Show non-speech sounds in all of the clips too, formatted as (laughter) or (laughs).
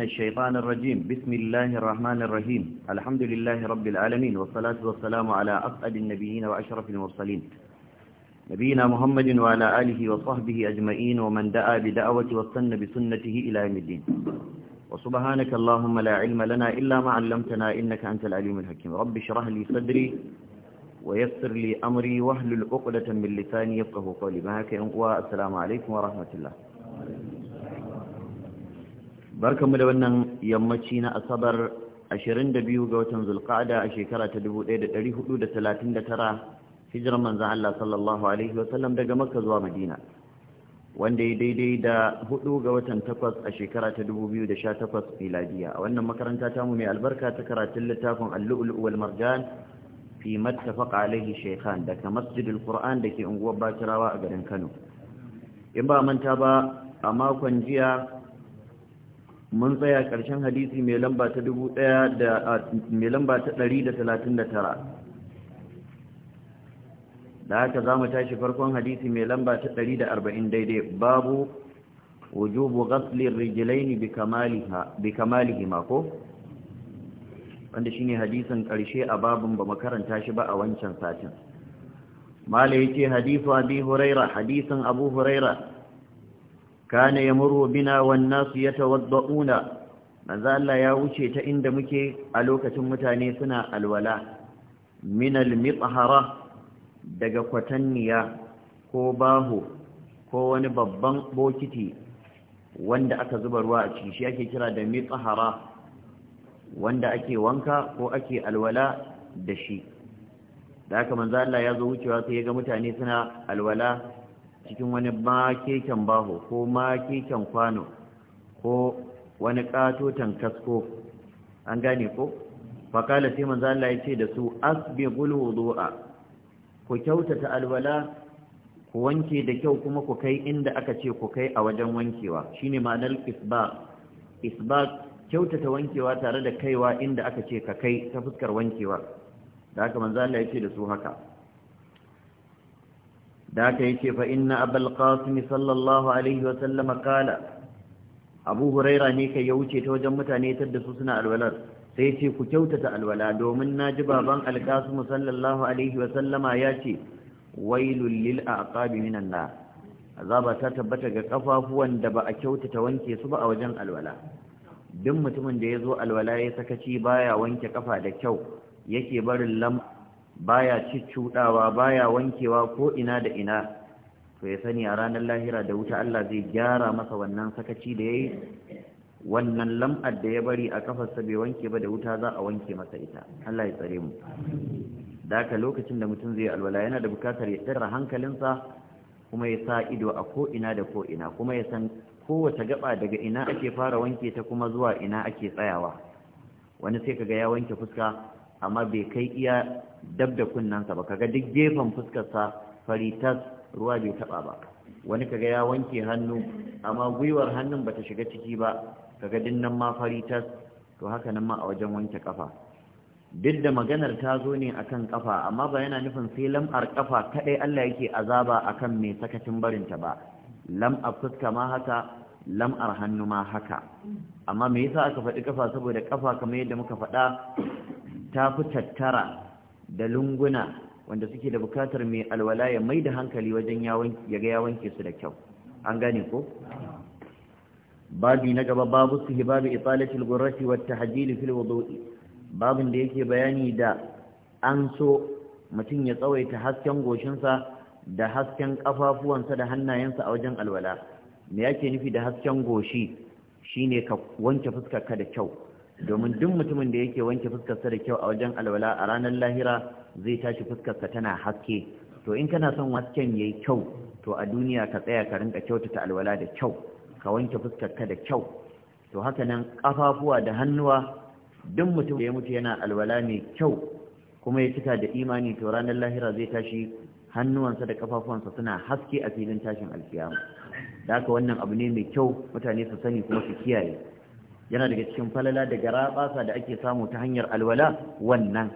من الشيطان الرجيم بسم الله الرحمن الرحيم الحمد لله رب العالمين والصلاة والسلام على أفئد النبيين وأشرف المرسلين نبينا محمد وعلى آله وصحبه أجمعين ومن دعا بدعوة واستنى بسنته إلى يوم الدين وسبحانك اللهم لا علم لنا إلا ما علمتنا إنك أنت العليم الحكيم رب اشرح لي صدري ويسر لي أمري واحلل عقدة من لساني يفقه قولي معك والسلام عليكم ورحمة الله barkanmu da wannan yammaci na asabar 22 ga watan zulqa'ada a shekara ta 1439 hijirar manzan Allah sallallahu alaihi sallam daga makka zuwa madina wanda ya daidai da 4 ga watan 8 a shekara ta 2018 miladiya a wannan makaranta ta mu mai albarka ta karatun littafin al-lu'lu' wal marjan fi mattafaqa alaihi shaykhan daga masjidul qur'an dake unguwar Bacirawa a garin Kano in ba manta ba a makon jiya mun tsaya ƙarshen hadisi mai lamba ta dubu ɗaya da mai lamba ta ɗari da talatin da tara da haka za mu tashi farkon hadisi mai lamba ta ɗari da arba'in daidai babu wujubu ghaslin rijilaini bi kamalihima ko wanda shine hadisin ƙarshe a babin ba makaranta shi ba a wancan satin mala yake hadisu abi huraira hadisin abu huraira kana yamuru bina wan ya yatawadda'una manzo Allah ya wuce ta inda muke a lokacin mutane suna alwala Minal al daga kwatanniya ko baho ko wani babban bokiti wanda aka zuba ruwa a ciki shi ake kira da mithhara wanda ake wanka ko ake alwala da shi da haka manza Allah ya zo wucewa sai ya ga mutane suna alwala cikin wani keken baho ko makeken kwano ko wani katotan kasko an gane ko fakala sai manzo Allah ya ce da su asbighul wudu'a ku kyautata alwala ku wanke da kyau kuma ku kai inda aka ce ku kai a wajen wankewa shine ma'anar isbaq isbaq kyautata wankewa tare da kaiwa inda aka ce ka kai ta fuskar wankewa da haka manzo Allah ya ce da su haka da aka ce fa inna abul qasim sallallahu alaihi wa sallam kala abu huraira ne kai ya wuce ta wajen mutane tadda su suna alwalar sai ce ku kyautata alwala domin na ji baban alkasim sallallahu alaihi wa sallama ya ce wailul lil aqabi minan nar azaba ta tabbata ga kafafuwan da ba a kyautata wanke su ba a wajen alwala duk mutumin da ya zo alwala ya sakaci baya wanke kafa da kyau yake barin lam baya ciccudawa baya wankewa ko ina da ina to ya sani a ranar lahira da wuta Allah zai gyara masa wannan sakaci da yayi wannan lam'ar da ya bari a kafarsa bai wanke ba da wuta za a wanke masa ita Allah ya tsare mu Daka lokacin da mutum zai alwala yana da bukatar ya tsara hankalinsa kuma ya sa ido a ko ina da ko ina kuma ya san kowace gaba daga ina ake fara wanke ta kuma zuwa ina ake tsayawa wani sai kaga ya wanke fuska amma bai kai iya dab da kunnansa ba kaga duk gefen fuskarsa fari tas ruwa bai taba ba wani kaga ya wanke hannu amma gwiwar hannun bata shiga ciki ba kaga dinnan ma fari tas to haka nan ma a wajen wanke kafa duk da maganar ta zo ne akan kafa amma ba yana nufin sai lam'ar kafa kadai Allah yake azaba akan mai sakacin ta ba lam'ar fuska ma haka lam'ar hannu ma haka amma me yasa aka faɗi kafa saboda kafa kamar yadda muka faɗa ta fi tattara da lunguna wanda suke da bukatar mai alwala ya mai da hankali wajen ya ga yawanke su da kyau an gane ko babi na gaba babu su babu italatul gurrati wata tahjili fil wudu'i babin da yake bayani da an so mutum ya tsawaita hasken goshinsa da hasken kafafuwansa da hannayensa a wajen alwala me yake nufi da hasken goshi shine ka wanke fuskarka da kyau domin duk mutumin da yake wanke fuskarsa da kyau a wajen alwala a ranar lahira zai tashi fuskarsa tana haske to in kana son hasken yayi kyau to a duniya ka tsaya ka rinka kyautata alwala da kyau ka wanke fuskarka da kyau to haka nan kafafuwa da hannuwa duk mutum da ya mutu yana alwala mai kyau kuma ya cika da imani to ranar lahira zai tashi hannuwansa da kafafuwansa suna haske a filin tashin alkiyama da haka wannan abu ne mai kyau mutane su sani kuma su kiyaye yana daga cikin falala da garaɓasa da ake samu ta hanyar alwala wannan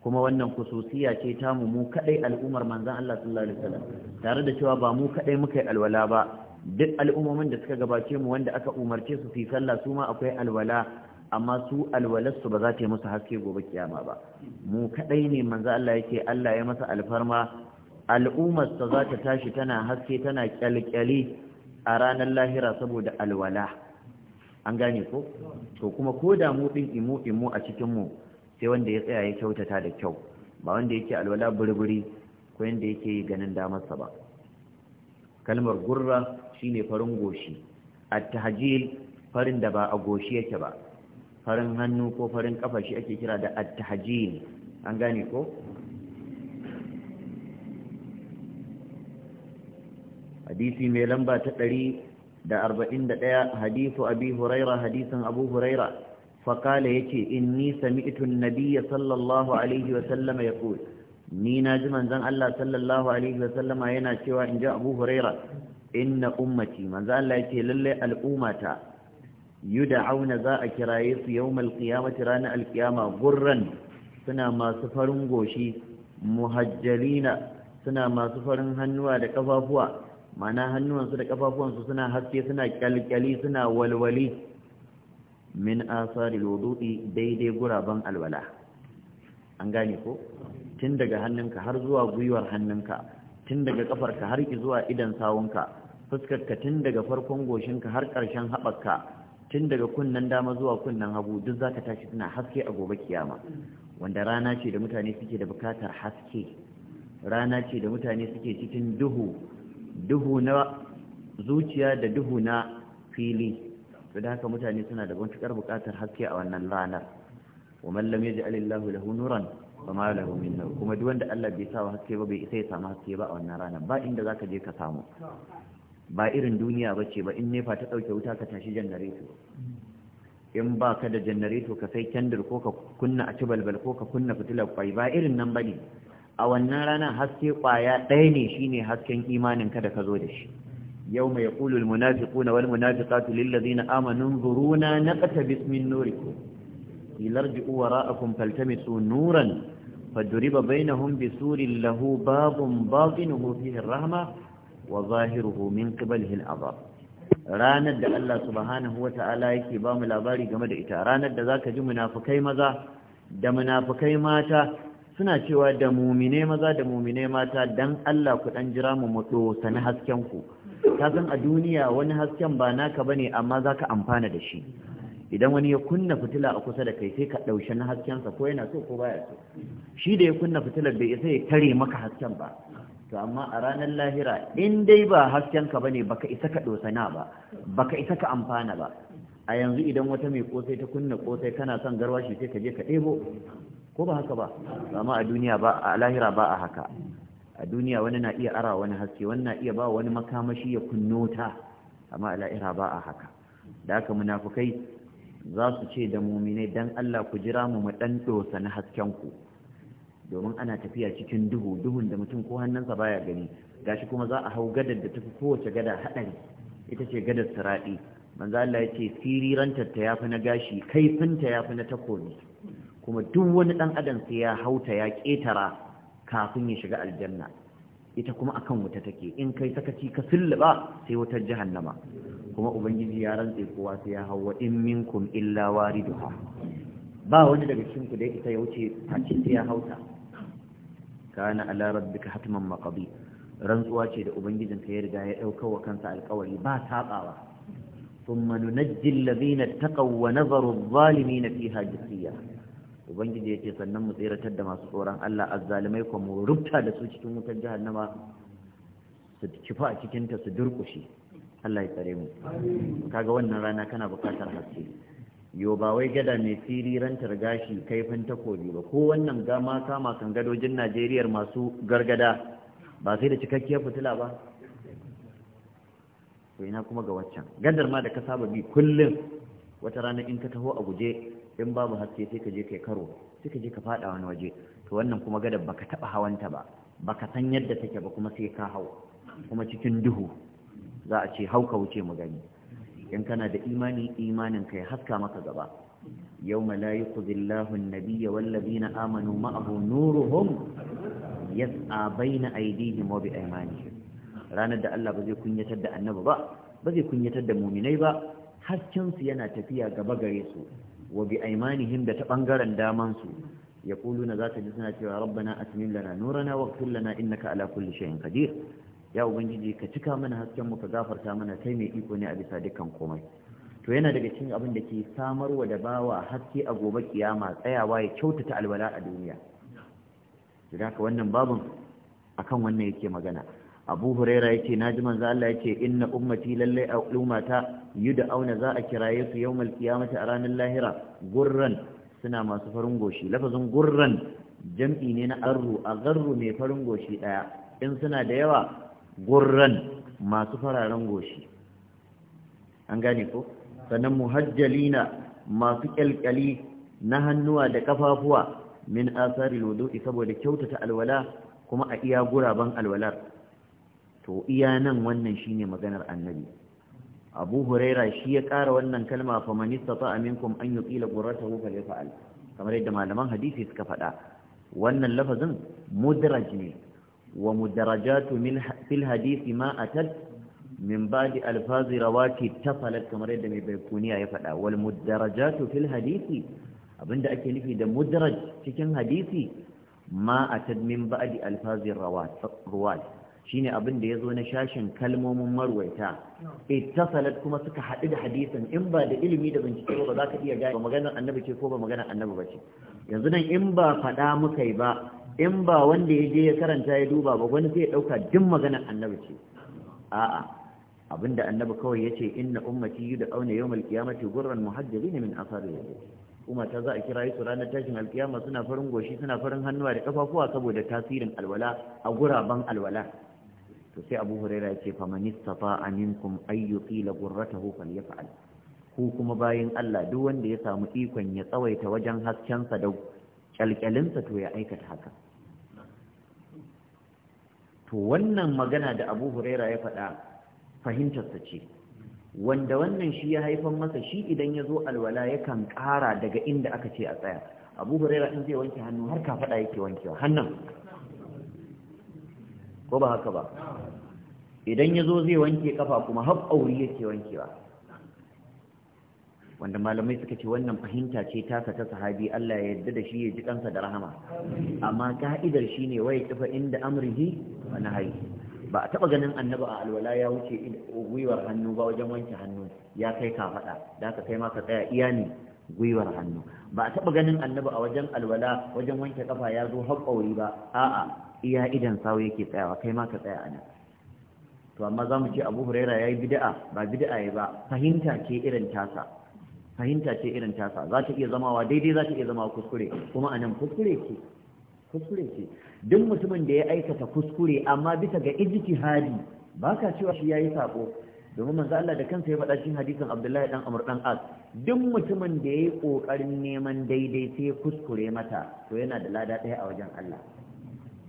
kuma wannan kususiya ce ta mu mu kadai al'ummar manzon Allah sallallahu alaihi wasallam tare da cewa ba mu kadai muka yi alwala ba duk al'ummomin da suka gabace mu wanda aka umarce su fi sallah su ma akwai alwala amma su alwalarsu ba za ta yi musu haske gobe kiyama ba mu kadai ne manzo Allah yake Allah ya masa alfarma al'ummarsa za ta tashi tana haske tana kyalkyali a ranar lahira saboda alwala an gane ko to kuma ko da mu din imu imu a cikin mu sai wanda ya tsaya ya kyautata da kyau ba wanda yake alwala burburi ko yanda yake ganin damarsa ba kalmar gurra shine farin goshi at-tahjil farin da ba a goshi yake ba farin hannu ko farin kafa shi ake kira da at-tahjil an gane ko hadisi mai lamba ta ɗari da arba'in da ɗaya Hadisu abi huraira hadisin abu huraira faƙala ya ce in ni sami'itun nabiya sallallahu alaihi wasallama ya ƙul ni na ji manzan Allah sallallahu alaihi wasallama yana cewa in ji abu huraira na ummati manzan Allah ya ce lallai al'ummata Auna za a kiraye su yawmal qiyamati ranar alkiyama gurran suna masu farin goshi muhajjalina suna masu farin hannuwa da ƙafafuwa. mana hannuwansu da kafafuwansu suna haske suna kyalkyali suna walwali min asari wudu'i daidai guraben alwala an gane ko tun daga hannunka har zuwa gwiwar hannunka tun daga kafarka har zuwa idan sawunka fuskarka tun daga farkon goshinka har ƙarshen haɓaka. tun daga kunnan dama zuwa kunnan hagu duk za ka tashi suna haske a gobe kiyama wanda rana ce da mutane suke da bukatar haske rana ce da mutane suke cikin duhu duhu na zuciya da duhu na fili to da haka mutane suna da matuƙar bukatar haske a wannan ranar wa man lam yaj'al Allahu lahu nuran fa ma lahu min nur kuma duk wanda Allah bai sa haske ba bai isa ya samu haske ba a wannan ranar ba inda zaka je ka samu ba irin duniya bace ba in nefa ta dauke wuta ka tashi janareto in ba ka da janareto ka sai kendir ko ka kunna a ci ko ka kunna fitilar kwai ba irin nan bane a wannan ranar haske kwaya ɗaya ne shine hasken imanin ka da ka zo da shi yau mai kulul munafiku na wal munafika su lillazi na amanin zuruna na ƙasa bismin nori ko ilar ji uwa ra'akun faltami su nuran fadduri ba bai na hun babun babin hufihin rahama wa zahiru homin kibal hin ranar da allah subhanahu ta'ala) yake bamu labari game da ita ranar da za ka ji munafukai maza da munafukai mata suna cewa da mumine maza da mumine mata dan Allah ku dan jira mu mu sani hasken ku ka san a duniya wani hasken ba naka bane amma zaka amfana da shi idan wani ya kunna fitila a kusa da kai sai ka daushe na hasken sa ko yana so ko baya so shi da ya kunna fitilar bai isa ya tare maka hasken ba to amma a ranar lahira in dai ba hasken ka bane baka isa ka dosana ba baka isa ka amfana ba a yanzu idan wata mai kosai ta kunna kosai kana son garwashi sai ka je ka ɗebo ko ba haka ba amma a duniya ba a lahira ba a haka a duniya wani na iya ara wani haske wani na iya ba wani makamashi ya kunno ta amma a lahira ba a haka da haka munafukai za su ce da muminai dan Allah ku jira mu mu dan dosa na hasken ku domin ana tafiya cikin duhu duhun da mutum ko hannunsa baya gani gashi kuma za a hau gadar da tafi kowace gada hadari ita ce gadar saradi manzo Allah ya ce siriranta ta yafi na gashi kaifin ta yafi na takobi kuma duk wani ɗan adam sai ya hauta ya ƙetara kafin ya shiga aljanna ita kuma akan wuta take in kai sakaci ka silliba sai wutar jahannama kuma ubangiji ya rantse kowa sai ya hawa in minkum illa wariduha ba wani daga cikin ku da ita ya wuce face sai ya hauta kana ala rabbika hatman maqdi rantsuwa ce da ubangijin ka ya riga ya dauka wa kansa alƙawari ba tabawa thumma nunajjil ladina taqaw wa nadharu adh-dhalimin fiha jithiya ubangiji yace sannan mu tsiratar da masu tsoron Allah azzalimai ko mu rubta da su cikin wutar jahannama su kifa a cikin ta su durkushe Allah ya tsare mu kaga wannan rana kana bukatar haske yo ba wai gada mai sirirantar gashi kaifin takobi ba ko wannan gama kama kan gadojin Najeriya masu gargada ba sai da cikakkiyar fitila ba to ina kuma ga waccan gadar ma da ka saba bi kullum wata rana in ka taho a guje in babu haske sai ka je kai karo sai ka je ka fada wani waje to wannan kuma gadar baka taba hawanta ba baka san yadda take ba kuma sai ka hau kuma cikin duhu za a ce hauka wuce mu gani in kana da imani imanin kai haska maka gaba yawma la yuqzi Allahu an-nabiyya wal ladina amanu ma'ahu nuruhum yas'a bayna aydihim wa bi aymanihim ranar da Allah ba zai kunyatar da annabi ba ba zai kunyatar da muminai ba haskensu yana tafiya gaba gare su wa bi aimanihim da ta bangaren daman su na za ta ji suna cewa rabbana atmin lana nurana waghfir lana innaka ala kulli shay'in qadir ya ubangiji ka cika mana hasken mu ka gafarta mana kai mai iko ne a bisa dukkan komai to yana daga cikin abin da ke samarwa da bawa haske a gobe kiyama tsayawa ya kyautata alwala a duniya da haka wannan babun akan wannan yake magana abu huraira yace naji manzo Allah yace inna ummati yi da auna za a kiraye su yawmal qiyamati a ranar lahira gurran suna masu farin goshi lafazin gurran jam'i ne na arru a garru mai farin goshi ɗaya. in suna da yawa gurran masu fararen goshi an gane ko sannan muhajjalina masu kyalkyali na hannuwa da kafafuwa min asari lodo saboda kyautata alwala kuma a iya guraben alwalar to iya nan wannan shine maganar annabi abu huraira shi ya ƙara wannan kalma fa man istata aminkum an yuqila qurratahu falyafal kamar yadda malaman hadisi suka faɗa wannan lafazin mudraj ne wa mudrajatu min fil hadisi ma atat min ba'di alfazi rawati tafalat kamar yadda mai baykuniya ya faɗa wal mudrajatu fil hadisi abinda ake nufi da mudraj cikin hadisi ma atat min ba'di alfazi rawat shine abin da ya zo na shashin kalmomin marwaita ittasalat kuma suka haɗu da hadisin in ba da ilimi da bincike ba za ka iya gane ba maganar annabi ce ko ba maganar annabi ba ce yanzu nan in ba faɗa muka yi ba in ba wanda ya je ya karanta ya duba ba wani zai ɗauka duk maganar annabi ce a'a abin da annabi kawai ya ce inna ummati yuda auna yawmal qiyamati gurran muhajjabin min asari Kuma ta za a kira su ranar tashin alkiyama suna farin goshi suna farin hannuwa da kafafuwa saboda tasirin alwala a guraben alwala to sai abu huraira ya ce faman istata'a minkum ay yuqila gurratahu falyaf'al ku kuma bayan Allah duk wanda ya samu ikon ya tsawaita wajen haskensa da kyalkyalinsa to ya aikata haka to wannan magana da abu huraira ya faɗa fahimtarsa ce wanda wannan shi ya haifan masa shi idan yazo zo alwala yakan ƙara daga inda aka ce a tsaya abu huraira in zai wanke hannu har ka faɗa yake wankewa hannun ko ba haka ba idan ya zo zai wanke kafa kuma har auri yake wankewa wanda malamai suka ce wannan fahimta ce taka ta sahabi Allah ya yarda da shi ya ji kansa da rahama amma ka'idar shine ne waye kifa inda amrihi wa nahyi ba a taba ganin annabi a alwala ya wuce gwiwar hannu ba wajen wanke hannu ya kai ka da ka kai ma ka tsaya iya ne gwiwar hannu ba a taba ganin annabi a wajen alwala wajen wanke kafa ya zo haƙƙauri ba a'a iya idan sawo yake tsayawa kai ma ka tsaya a nan to amma za mu ce abu huraira ya yi bida'a ba bida'a ya ba fahimta ce irin tasa fahimta ce irin tasa za ta iya zamawa daidai za ta iya zama kuskure kuma a nan kuskure ce kuskure ce duk mutumin da ya aikata kuskure amma bisa ga ijtihadi ba ka cewa shi ya yi sako domin manzo Allah da kansa ya faɗa cikin hadisin Abdullahi dan Amr dan As duk mutumin da yayi ƙoƙarin neman daidai sai kuskure mata to yana da lada ɗaya a wajen Allah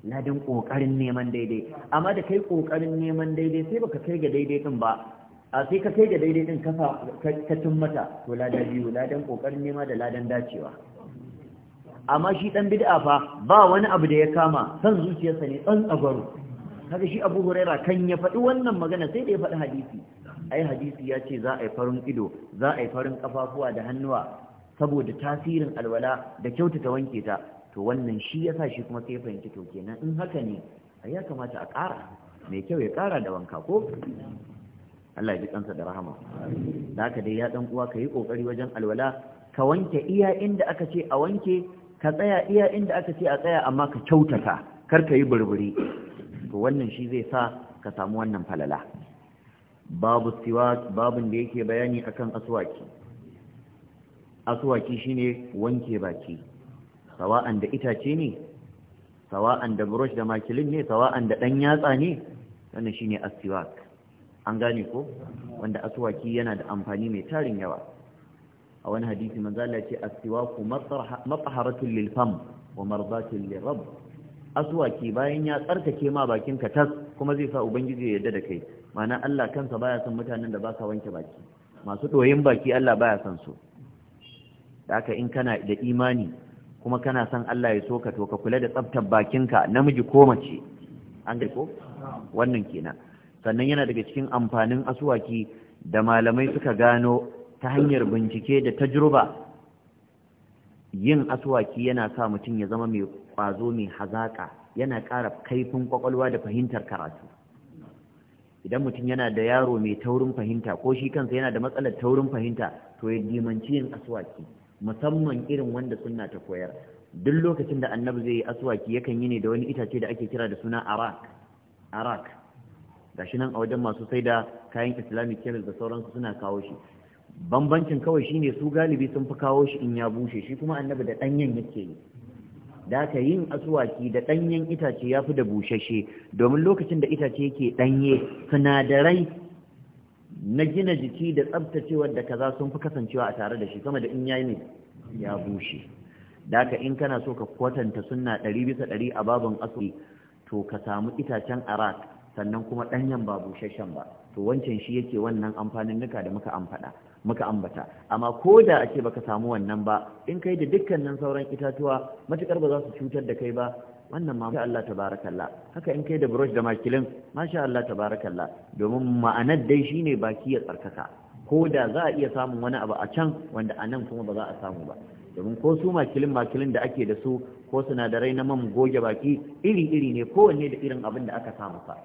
ladan ƙoƙarin neman daidai amma da kai ƙoƙarin neman daidai sai baka kai ga daidai din ba a sai ka kai ga daidai din kafa ka cin mata to ladan biyu ladan ƙoƙarin nema da ladan dacewa amma shi dan bid'a fa ba wani abu da ya kama son zuciyarsa ne tsan tsagwaro kaga shi Abu Huraira kan ya faɗi wannan magana sai da ya faɗi hadisi ai hadisi ya ce za a yi farin ido za a yi farin kafafuwa da hannuwa saboda tasirin alwala da kyautata wanke ta to wannan shi ya sa shi kuma sai fahimci to kenan in haka ne a ya kamata a ƙara mai kyau ya ƙara da wanka ko Allah ya ji kansa da rahama da haka dai ya ɗan uwa ka yi ƙoƙari wajen alwala ka wanke iya inda aka ce a wanke ka tsaya iya inda aka ce a tsaya amma ka kyautata kar ka yi burburi to wannan shi zai sa ka samu wannan falala babu siwak babun da yake bayani akan aswaki aswaki shine wanke baki sawa'an da itace ne sawa'an da brush da makilin ne sawa'an da ɗan yatsa ne wannan shine asiwak an gane ko wanda aswaki yana da amfani mai tarin yawa a wani hadisi manzo Allah ce asiwaku mataharatul lil fam wa mardatul lil rabb aswaki bayan ya tsarkake ma bakin ka tas kuma zai sa ubangiji ya yarda da kai Mana Allah kansa baya son mutanen da ba sa wanke baki masu ɗoyin baki Allah baya son su da haka in kana da imani kuma kana son Allah ya so ka to ka kula da tsaftar bakinka namiji ko mace an ga ko wannan kenan sannan yana daga cikin amfanin asuwaki da malamai suka gano ta hanyar bincike da tajruba yin aswaki yana sa mutum ya zama mai kwazo mai hazaka yana ƙara kaifin kwakwalwa da fahimtar karatu idan mutum yana da yaro mai taurin fahimta ko shi kansa yana da matsalar taurin fahimta to ya dimanci yin asuwaki musamman irin wanda suna ta koyar duk lokacin da annabi zai yi aswaki yakan yi ne da wani itace da ake kira da suna arak arak shi nan a wajen masu sai da kayan islamic chemist da sauransu suna kawo shi bambancin kawai shine su galibi sun fi kawo shi in ya bushe shi kuma annabi da ɗanyen yake yi da aka yin asuwaki da ɗanyen itace ya fi da bushashe domin lokacin da itace yake ɗanye sinadarai na gina jiki da tsabtacewar da kaza sun fi kasancewa a tare da shi sama da in yayi ne ya bushe da in kana so ka kwatanta sunna ɗari bisa ɗari a babin asali to ka samu itacen arak sannan kuma ɗanyen ba busasshen ba to wancan shi yake wannan amfanin nuka da muka amfada muka ambata amma ko da a ce baka samu wannan ba in kai da dukkanin sauran itatuwa matukar ba za su cutar da kai ba wannan ma sha Allah tabarakallah haka in kai da brush da makilin masha Allah tabarakallah domin ma'anar dai shine baki ya tsarkaka ko da za a iya samun wani abu a can wanda a nan kuma ba za a samu ba domin ko su makilin makilin da ake da su ko sinadarai na man goge baki iri-iri ne kowanne da irin abin da aka samu fa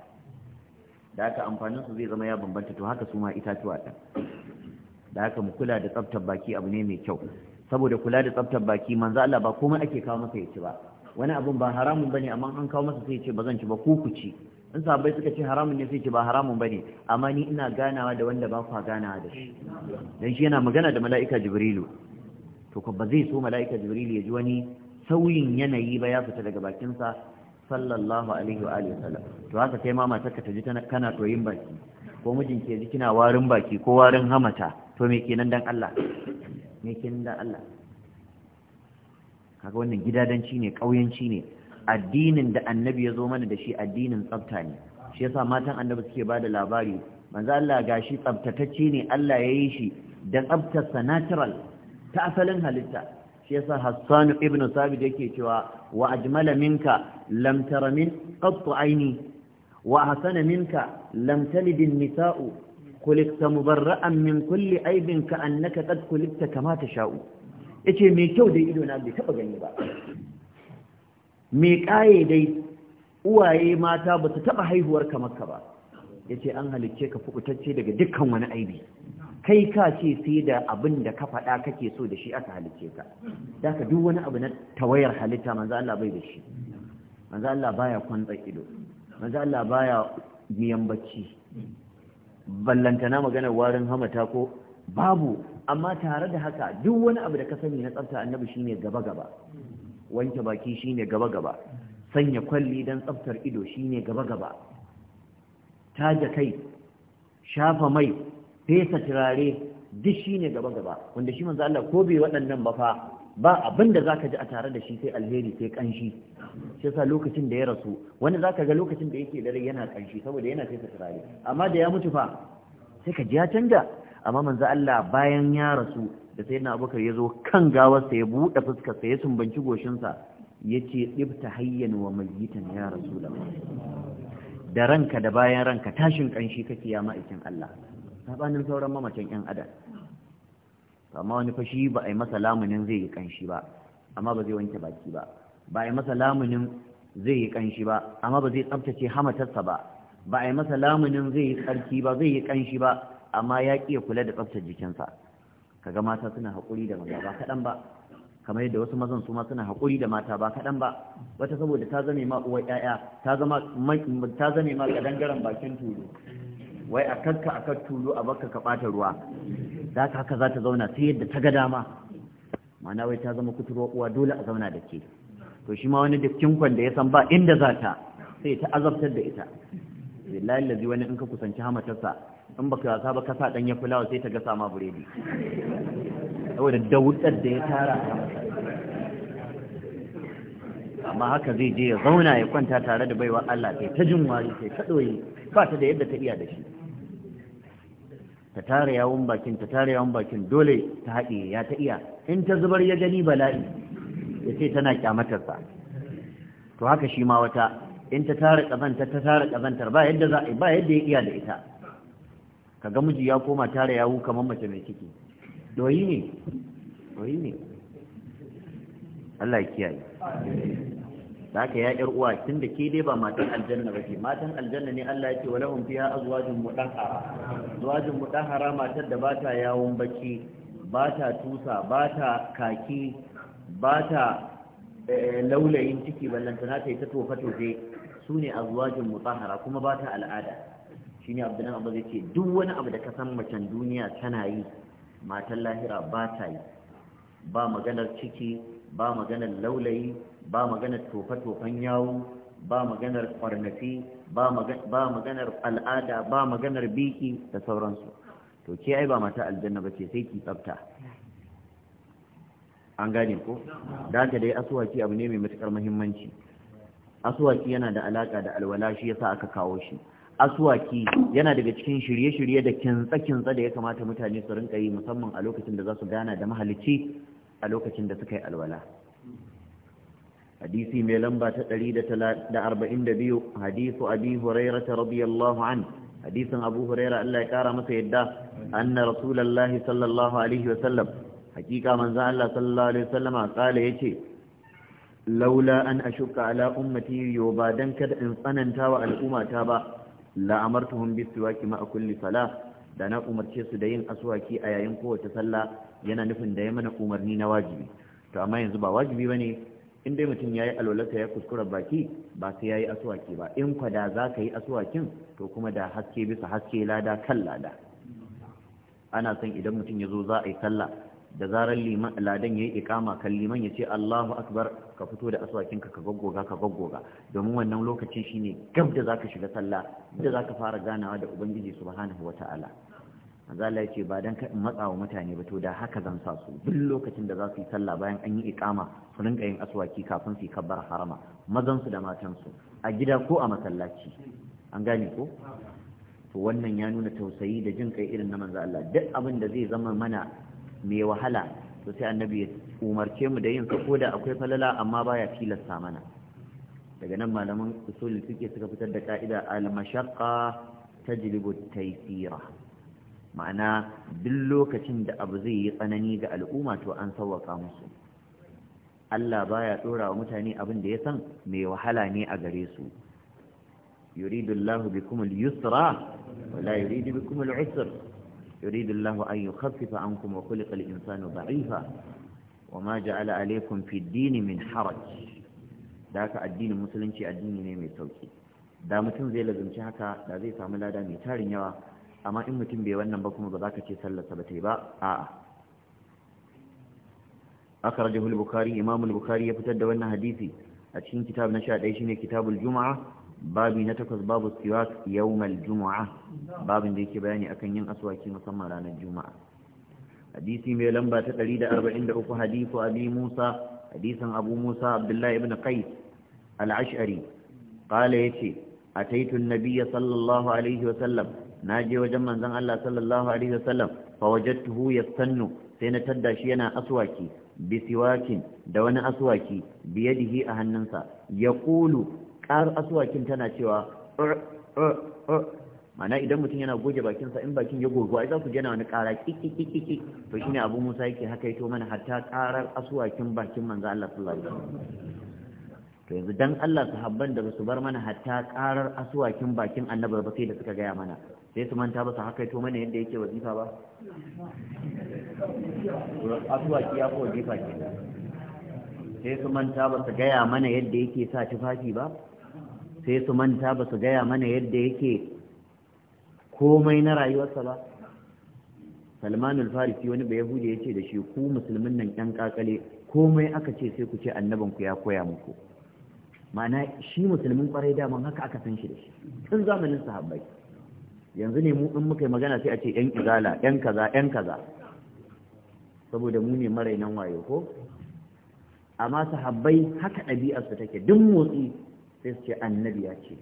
da haka amfanin su zai zama ya bambanta to haka su ma itatuwa ɗin da haka mu kula da tsaftar baki abu ne mai kyau saboda kula da tsaftar baki manzo Allah ba komai ake kawo masa ya ci ba wani abin ba haramun bane amma an kawo masa sai ce ba zan ci ba ko ku ci in sabai suka ce haramun ne sai ce ba haramun bane amma ni ina ganawa da wanda ba kwa ganawa da shi dan shi yana magana da mala'ika jibrilu to ko ba zai so mala'ika jibrilu ya ji wani sauyin yanayi ba ya fita daga bakin sa sallallahu alaihi wa alihi wasallam to haka kai ma ka ta ji kana toyin baki ko mijin ke ji kina warin baki ko warin hamata to me kenan dan Allah me kenan dan Allah kaga wannan gidadanci ne ƙauyanci ne addinin da annabi ya zo mana da shi addinin tsafta ne shi yasa matan annabi suke ba da labari manzo Allah gashi tsaftatacce ne Allah ya yi shi da tsaftarsa natural ta asalin halitta shi yasa Hassan ibn Sabit yake cewa wa ajmala minka lam tara min qattu aini wa hasana minka lam talid an-nisa'u kulikta mubarra'an min kulli aibin ka annaka qad kulikta kama tasha'u yace mai kyau dai ido na bai taba gani ba mai kaye dai uwaye mata ba su taba haihuwar ka maka ba yace an halicce ka fukutacce daga dukkan wani aibi kai ka ce sai da abin da ka faɗa kake so da shi aka halicce ka da ka duk wani abu na tawayar halitta manzo Allah bai da shi manzo Allah baya kwantsa ido manzo Allah baya biyan bacci ballantana maganar warin hamata ko babu amma tare da haka duk wani abu da ka sani na tsafta annabi shine gaba gaba wanke baki shine gaba gaba sanya kwalli don tsaftar ido shine gaba gaba taja kai shafa mai fesa turare duk shine gaba gaba wanda shi manzo Allah ko bai waɗannan ba fa ba abinda da zaka ji a tare da shi sai alheri sai kanshi shi yasa lokacin da ya rasu wani zaka ga lokacin da yake rai yana kanshi saboda yana fesa turare amma da ya mutu fa sai ka ji ya canja amma manzo Allah bayan ya rasu da sayyidina Abubakar ya zo kan gawarsa ya buɗe fuskarsa ya tumbanci goshinsa ya ce ɗibta hayyan wa mayyitan ya rasu da da ranka da bayan ranka tashin ƙanshi kake ya ma'aikin Allah saɓanin sauran mamacin ƴan adam amma wani fashi ba a yi masa lamunin zai yi ƙanshi ba amma ba zai wanke baki ba ba a yi masa lamunin zai yi ƙanshi ba amma ba zai tsabtace hamatarsa ba ba a yi masa lamunin zai yi tsarki ba zai yi ƙanshi ba amma ya ƙi ya kula da tsaftar jikinsa kaga mata suna haƙuri da maza ba kaɗan ba kamar yadda wasu mazan su ma suna haƙuri da mata ba kaɗan ba wata saboda ta zame ma uwar ƴaƴa ta zama ta zame ma kadangaren bakin tulu wai a kanka a kan tulu a baka ka ɓata ruwa da haka haka za ta zauna sai yadda ta ga dama ma'ana wai ta zama kuturwa uwa dole a zauna da ke to shi ma wani dukkin da ya san ba inda za ta sai ta azabtar da ita billahi lazi wani in ka kusanci hamatarsa in baka wasa ba kasa dan ya fulawa sai ta gasa ma buredi da daudar da ya tara amma haka zai je ya zauna ya kwanta tare da baiwa Allah sai ta jin wari sai ta doyi ba ta da yadda ta iya da shi ta tara yawon bakin ta tara yawon bakin dole ta haɗe ya ta iya in ta zubar ya gani bala'i ya ce tana kyamatarsa to haka shi ma wata in ta tara kazantar ta tara kazantar ba yadda za a ba yadda ya iya da ita ka ga miji ya koma tara yawu kamar mace mai ciki doyi ne doyi ne Allah ya kiyaye da haka ya ƴar uwa tun da ke dai ba matan aljanna ba ce matan aljanna ne Allah ya ce wa lahum fiha azwajun mutahhara azwajun mutahhara matar da ba ta yawon bacci ba ta tusa ba ta kaki ba ta eh, laulayin ciki ballantana ta yi ta tofe-tofe su ne azwajin kuma ba ta al'ada shine abdullahi abu zai ce duk wani abu da ka san macen duniya tana yi matan lahira ba ta yi ba maganar ciki ba maganar laulayi ba maganar tofe-tofen yawu ba maganar kwarnafi ba maganar al'ada ba maganar biki da sauransu to ke ai ba mata aljanna ba ce sai ki tsafta an gane ko da haka dai asuwaki abu ne mai matukar muhimmanci asuwaki yana da alaka da alwala shi yasa aka kawo shi aswaki yana daga cikin shirye-shirye da kintsa-kintsa da ya kamata mutane su rinka yi musamman a lokacin da za su gana da mahalicci a lokacin da suka yi alwala hadisi mai lamba ta 142 hadisu abi huraira ta radiyallahu an hadisin abu huraira Allah ya kara masa yadda anna rasulullahi sallallahu alaihi wa sallam. hakika manzo Allah sallallahu alaihi wasallama kala yace laula an ashuka ala ummati yo ba dan kada in tsananta wa al'ummata ba la amartuhum bisiwaki ma kulli salah da na umarce su da yin aswaki a yayin kowace sallah yana nufin da ya mana umarni na wajibi to amma yanzu ba wajibi bane in dai mutum yayi alwalata ya kuskura baki ba sai yayi aswaki ba in kwa za ka yi aswakin to kuma da haske bisa haske lada kan lada ana san idan mutum ya zo za a yi sallah da zarar ladan ya yi ikama kan liman ya ce Allahu akbar ka fito da aswakinka ka gaggoga ka gaggoga domin wannan lokacin shine gab da zaka shiga sallah da zaka fara ganawa da ubangiji subhanahu wataala azala yace ba dan ka matsa wa mutane ba to da haka zan sa su duk lokacin da za su yi sallah bayan an yi ikama su rinka yin aswaki kafin su yi kabbar harama mazan su da matan su a gida ko a masallaci an gane ko to wannan ya nuna tausayi da jin kai irin na manzo Allah duk abin da zai zama mana mai wahala to sai annabi ya umarce mu da yin sa koda akwai falala amma baya tilasta mana daga nan malaman usuli fiqh suka fitar da ka'ida al-mashaqqa tajlibu at-taysira ma'ana duk lokacin da abu zai yi tsanani ga al'umma to an sauwaka musu Allah baya dora wa mutane abin da ya san mai wahala ne a gare su yuridu Allahu bikum al-yusra wa la yuridu bikum al-usra يريد الله أن يخفف عنكم وخلق الإنسان ضعيفا وما جعل عليكم في الدين من حرج ذاك الدين المسلم شيء الدين نيمي سوكي da mutum zai lazumci haka da zai samu lada mai tarin yawa amma in mutum bai wannan ba kuma ba za ka ce sallarsa ba ta yi ba a'a A al-bukhari imam Imamul bukhari ya fitar da wannan hadisi a cikin kitab na 11 shine kitabul juma'a babi na takwas babu siwak yawmal juma'a babin da yake bayani akan yin aswaki musamman ranar juma'a hadisi mai lamba ta 143 hadisu abi musa hadisin abu musa abdullahi ibn qais al-ash'ari qala yace ataitu an-nabiyya sallallahu alaihi wa sallam naje wajen manzon Allah sallallahu alaihi wa sallam fa wajadtuhu yastannu sai na tadda shi yana aswaki bisiwakin da wani aswaki biyadihi a hannunsa yaqulu ƙarar asuwakin tana cewa er, er, er. mana idan mutum yana goge bakinsa in bakin ya gogo ai za ku gina wani ƙara kikikikiki to shine abu musa yake haka yato mana hatta ƙarar asuwakin bakin manzo Allah sallallahu alaihi wasallam to yanzu dan Allah sahabban da su bar mana hatta ƙarar asuwakin bakin annabi ba sai da suka gaya mana sai su manta ba su haka yato mana yadda yake wazifa ba asuwaki ya fi wazifa sai su manta ba su gaya mana yadda yake sa tufafi ba sai su manta ba su gaya mana yadda yake komai na rayuwarsa ba salman al-farisi wani bai yahudi ya ce da shi ku musulmin nan yan kakale komai aka ce sai ku ce annabanku ya koya muku ma'ana shi musulmin kwarai daman haka aka san shi da shi tun zamanin sahabbai yanzu ne mu in muka yi magana sai a ce yan izala yan kaza yan kaza saboda mu ne marainan wayo ko amma sahabbai haka ɗabi'arsa take duk motsi sai su ce annabi ya ce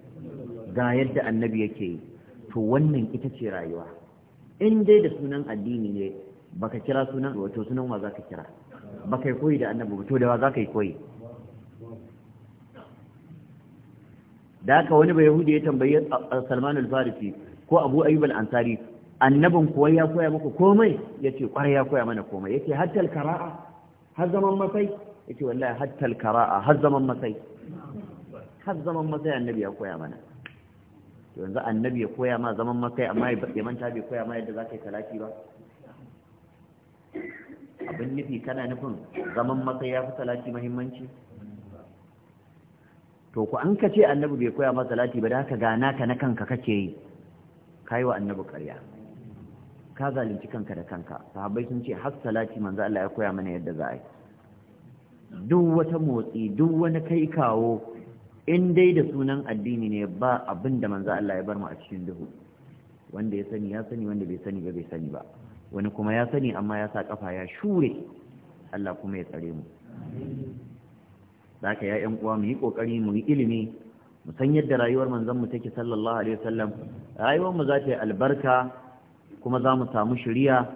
ga yadda annabi yake yi to wannan ita ce rayuwa in dai da sunan addini ne baka kira sunan wato sunan wa zaka kira baka yi koyi da annabi to da wa zaka yi koyi da haka wani bai yahudi ya tambayi salman al-farisi ko abu ayyub al-ansari annabin kuwa ya koya muku komai yace kwarai ya koya mana komai yace hatta al-qira'a har zaman masai yace wallahi hatta al-qira'a har zaman masai har zaman matsayi annabi ya koya mana yanzu annabi ya koya ma zaman matsayi amma ya manta bai koya ma yadda za ka yi talaki ba abin nufi kana nufin zaman matsayi ya fi talaki mahimmanci to ku an ka ce annabi bai koya ma talaki ba da haka gana ka na kanka kake yi ka yi wa annabi karya ka zalunci kanka da kanka sahabbai sun ce har salati manzo Allah ya koya mana yadda za a yi duk wata motsi duk wani kai kawo in dai da sunan addini ne ba abin da manzo Allah ya bar mu a cikin duhu wanda ya sani ya sani wanda bai sani ba bai sani ba wani kuma ya sani amma ya sa kafa ya shure Allah kuma ya tsare mu zaka ya yan uwa mu yi kokari mu yi ilimi mu san yadda rayuwar manzon mu take sallallahu alaihi wasallam rayuwar mu za ta yi albarka kuma za mu samu shiriya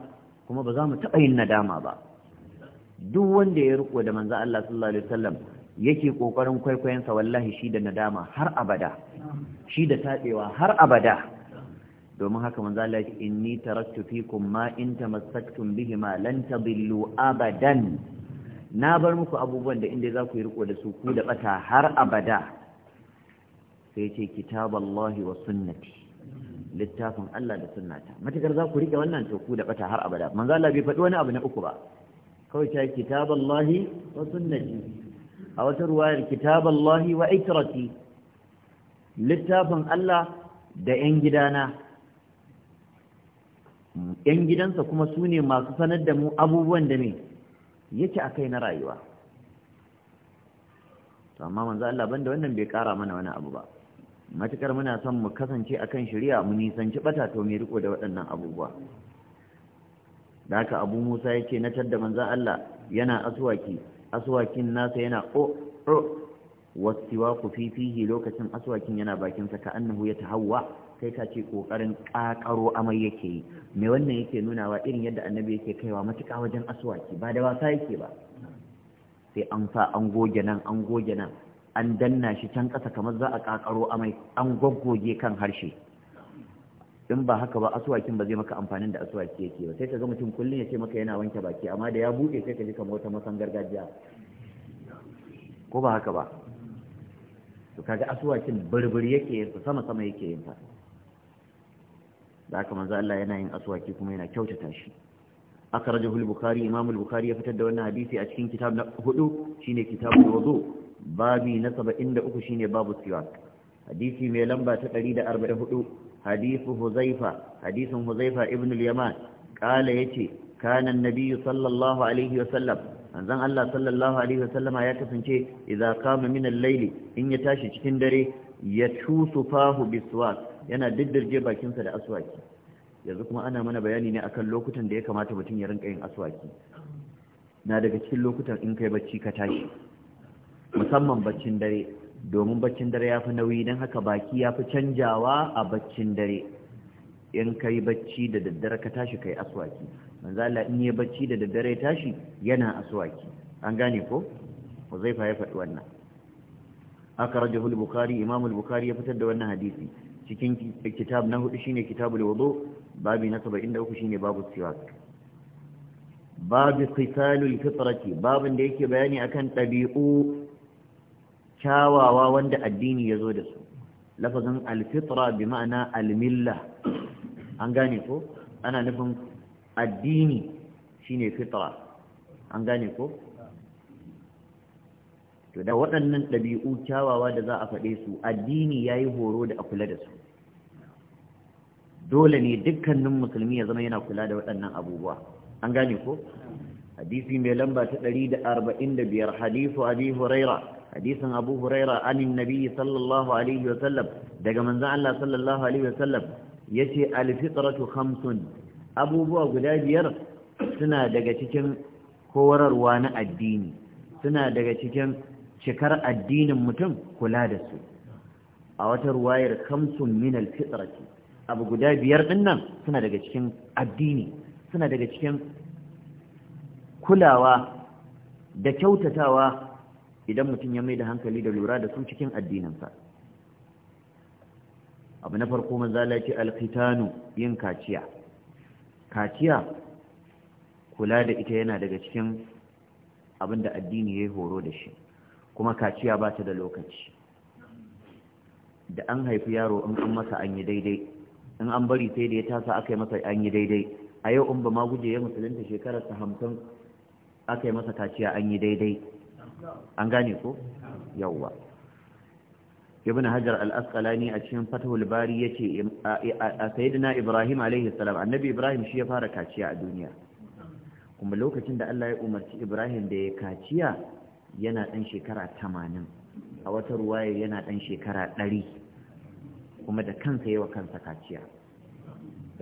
kuma ba za mu taɓa yin nadama ba duk wanda ya riko da manzo Allah sallallahu alaihi wasallam yake kokarin kwaikwayensa wallahi shi da nadama har abada shi da tabewa har abada domin haka manzo Allah ya inni taraktu fikum ma in tamassaktum bihima lan tadillu abadan na bar muku abubuwan da inda za ku yi riko da su ku da bata har abada sai ce kitaballahi wa sunnati littafin Allah da sunnata matakar za ku rike wannan to ku da bata har abada manzo Allah bai faɗi wani abu na uku ba kawai ta kitaballahi wa sunnati a wata ruwayar kitaballahi wa itrati littafin Allah da 'yan gidana ‘yan gidansa kuma su ne masu sanar da mu abubuwan da ne yake a kai na rayuwa to amma manzo Allah banda wannan bai kara mana wani abu ba matukar muna son mu kasance akan shari'a mu nisanci bata to mai riko da waɗannan abubuwa da haka abu musa yake na tadda manzo Allah yana asuwaki aswakin nasa yana o o wasiwaku fi lokacin aswakin yana bakin sa ka annahu ya tahawwa kai ka ce kokarin kakaro amai yake yi me wannan yake wa irin yadda annabi yake kaiwa matuƙa wajen aswaki ba da wasa yake ba sai an sa an goge nan an goge nan an danna shi can ƙasa kamar za a kakaro amai an goggoge kan harshe in ba haka ba asuwakin ba zai maka amfanin da asuwaki yake ba sai ka ga mutum kullum ya ce maka yana wanke baki amma da ya buɗe sai ka ji kamar wata masan gargajiya ko ba haka ba to kaga asuwakin burburi yake yin sa sama sama yake yin sa da haka manzo Allah yana yin asuwaki kuma yana kyautata shi akhrajahu al-bukhari imam al-bukhari ya fitar da wannan hadisi a cikin kitab na hudu shine kitabul wudu babi na 73 shine babu siwak hadisi mai lamba ta 144 hadithu huzaifa hadithun huzaifa ibn al-yaman kala yace kana an-nabiy sallallahu alaihi wasallam manzon Allah sallallahu alaihi wasallam ya kasance idza qama min al-layl in ya tashi cikin dare ya tusu fahu biswak yana diddirje bakinsa da aswaki yanzu kuma ana mana bayani ne akan lokutan da ya kamata mutum ya rinka yin aswaki na daga cikin lokutan in kai bacci ka tashi musamman baccin dare domin baccin dare ya fi nauyi don haka baki ya fi canjawa a baccin dare in ka yi bacci da daddare ka tashi ka yi aswaki manzala in yi bacci da daddare tashi yana aswaki an gane ko huzaifa ya faɗi wannan aka hul bukari imamul bukari ya fitar da wannan hadisi cikin kitab na hudu shine kitabul wudu babi na uku shine babu siwak babu qitalul fitrati babin da yake bayani akan dabi'u kyawawa wanda addini ya zo da su lafazin alfitra bi ma'ana almilla an gane ko ana nufin addini shine fitra an gane ko to da waɗannan ɗabi'u kyawawa da za a faɗe su addini ya yi horo da a kula da su dole ne dukkanin musulmi ya zama yana kula da waɗannan abubuwa an gane ko hadisi mai lamba ta 145 hadisu abi huraira hadisin abu huraira anin nabi sallallahu alaihi wa sallam daga manzan Allah sallallahu alaihi wa sallam yace alfitratu khamsun abubuwa guda biyar suna daga cikin horarwa na addini suna daga cikin cikar addinin mutum kula da su a wata ruwayar khamsun min alfitrati abu guda biyar dinnan suna daga cikin addini suna daga cikin kulawa da kyautatawa idan mutum ya mai da hankali da lura da su cikin addininsa abu na farko manzala ce alkitanu yin kaciya kaciya kula da ita yana daga cikin abin da addini ya yi horo da shi kuma kaciya ba ta da lokaci da an haifi yaro in an masa an yi daidai in an bari sai da ya tasa aka yi masa an yi daidai a yau in ba ma guje ya musulunta shekararsa hamsin aka yi masa kaciya an yi daidai an gane ko yawwa ibn hajar al-asqalani a cikin fatahul bari yace a sayyidina ibrahim alaihi salam annabi ibrahim shi ya fara kaciya a duniya kuma lokacin da Allah ya umarci ibrahim da ya kaciya yana dan shekara 80 a wata ruwaya yana dan shekara 100 kuma da kansa yawa kansa kaciya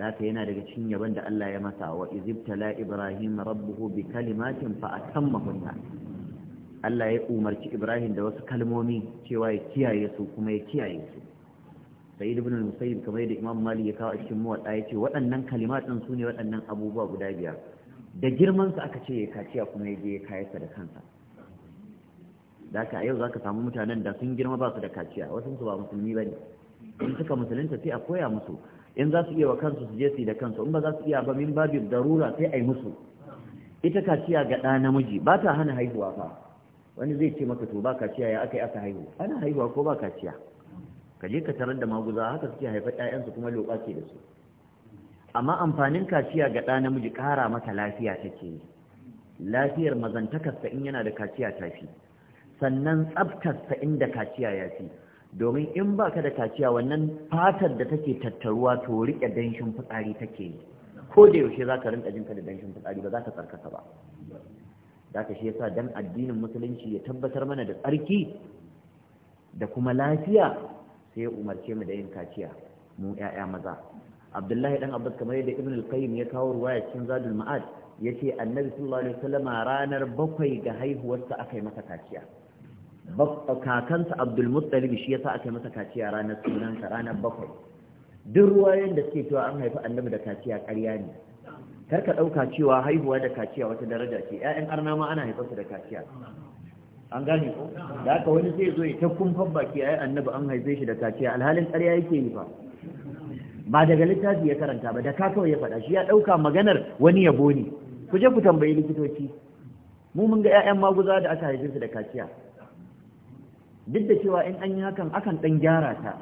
zaka yana daga cikin yaban da Allah ya masa wa izibtala ibrahim rabbuhu bi kalimatin fa atammahunna Allah ya umarci Ibrahim da wasu kalmomi cewa ya kiyaye su kuma ya kiyaye su sai ibn al-musayyib kamar yadda Imam Malik ya kawo a cikin muwadda ya ce waɗannan kalimat din sune waɗannan abubuwa guda biyar da girman su aka ce ya kaciya kuma ya je ya kayarsa da kansa da haka a yau zaka samu mutanen da sun girma ba su da kaciya wasu su ba musulmi bane in suka musulunta sai a koya musu in za su iya wa kansu su je su da kansu in ba za su iya ba min babin darura sai a yi musu ita kaciya ga ɗa namiji ba ta hana haihuwa fa wani zai ce maka to ba kaciya ya aka yi aka haihu ana haihuwa ko ba kaciya ka je ka tarar da maguza haka suke haifar ƴaƴansu kuma loɓa ce da su amma amfanin kaciya ga ɗa namiji ƙara mata lafiya take yi lafiyar mazantakarsa in yana da kaciya ta fi sannan tsaftarsa inda kaciya ya fi domin in ba ka da kaciya wannan fatar da take tattaruwa to riƙe danshin fitsari take yi ko da yaushe za ka rinka jinka da danshin fitsari ba za ka tsarkaka ba zaka shi yasa dan addinin musulunci ya tabbatar mana da tsarki da kuma lafiya sai ya umarce mu da yin kaciya mu ƴaƴa maza Abdullahi dan Abbas kamar yadda Ibn al-Qayyim ya kawo ruwaya cikin Zadul Ma'ad yace Annabi sallallahu alaihi wasallam ranar bakwai ga haihuwarsa aka masa kaciya kakansa Abdul Muttalib shi yasa akai masa kaciya ranar sunansa ranar bakwai duk ruwayoyin da suke cewa an haifi Annabi da kaciya ƙarya ne kar ka ɗauka cewa haihuwa da kaciya wata daraja ce ƴaƴan arna ma ana haifarsa da kaciya an gane da haka wani zai zo ya ta kumfan baki ai annabi an haife shi da kaciya alhalin ƙarya yake yi fa ba daga littafi ya karanta ba da ka kawai ya faɗa shi ya ɗauka maganar wani yabo ne ku je ku tambayi likitoci mu mun ga 'ya'yan maguza da aka haife su da kaciya duk da cewa in an yi hakan akan ɗan gyara ta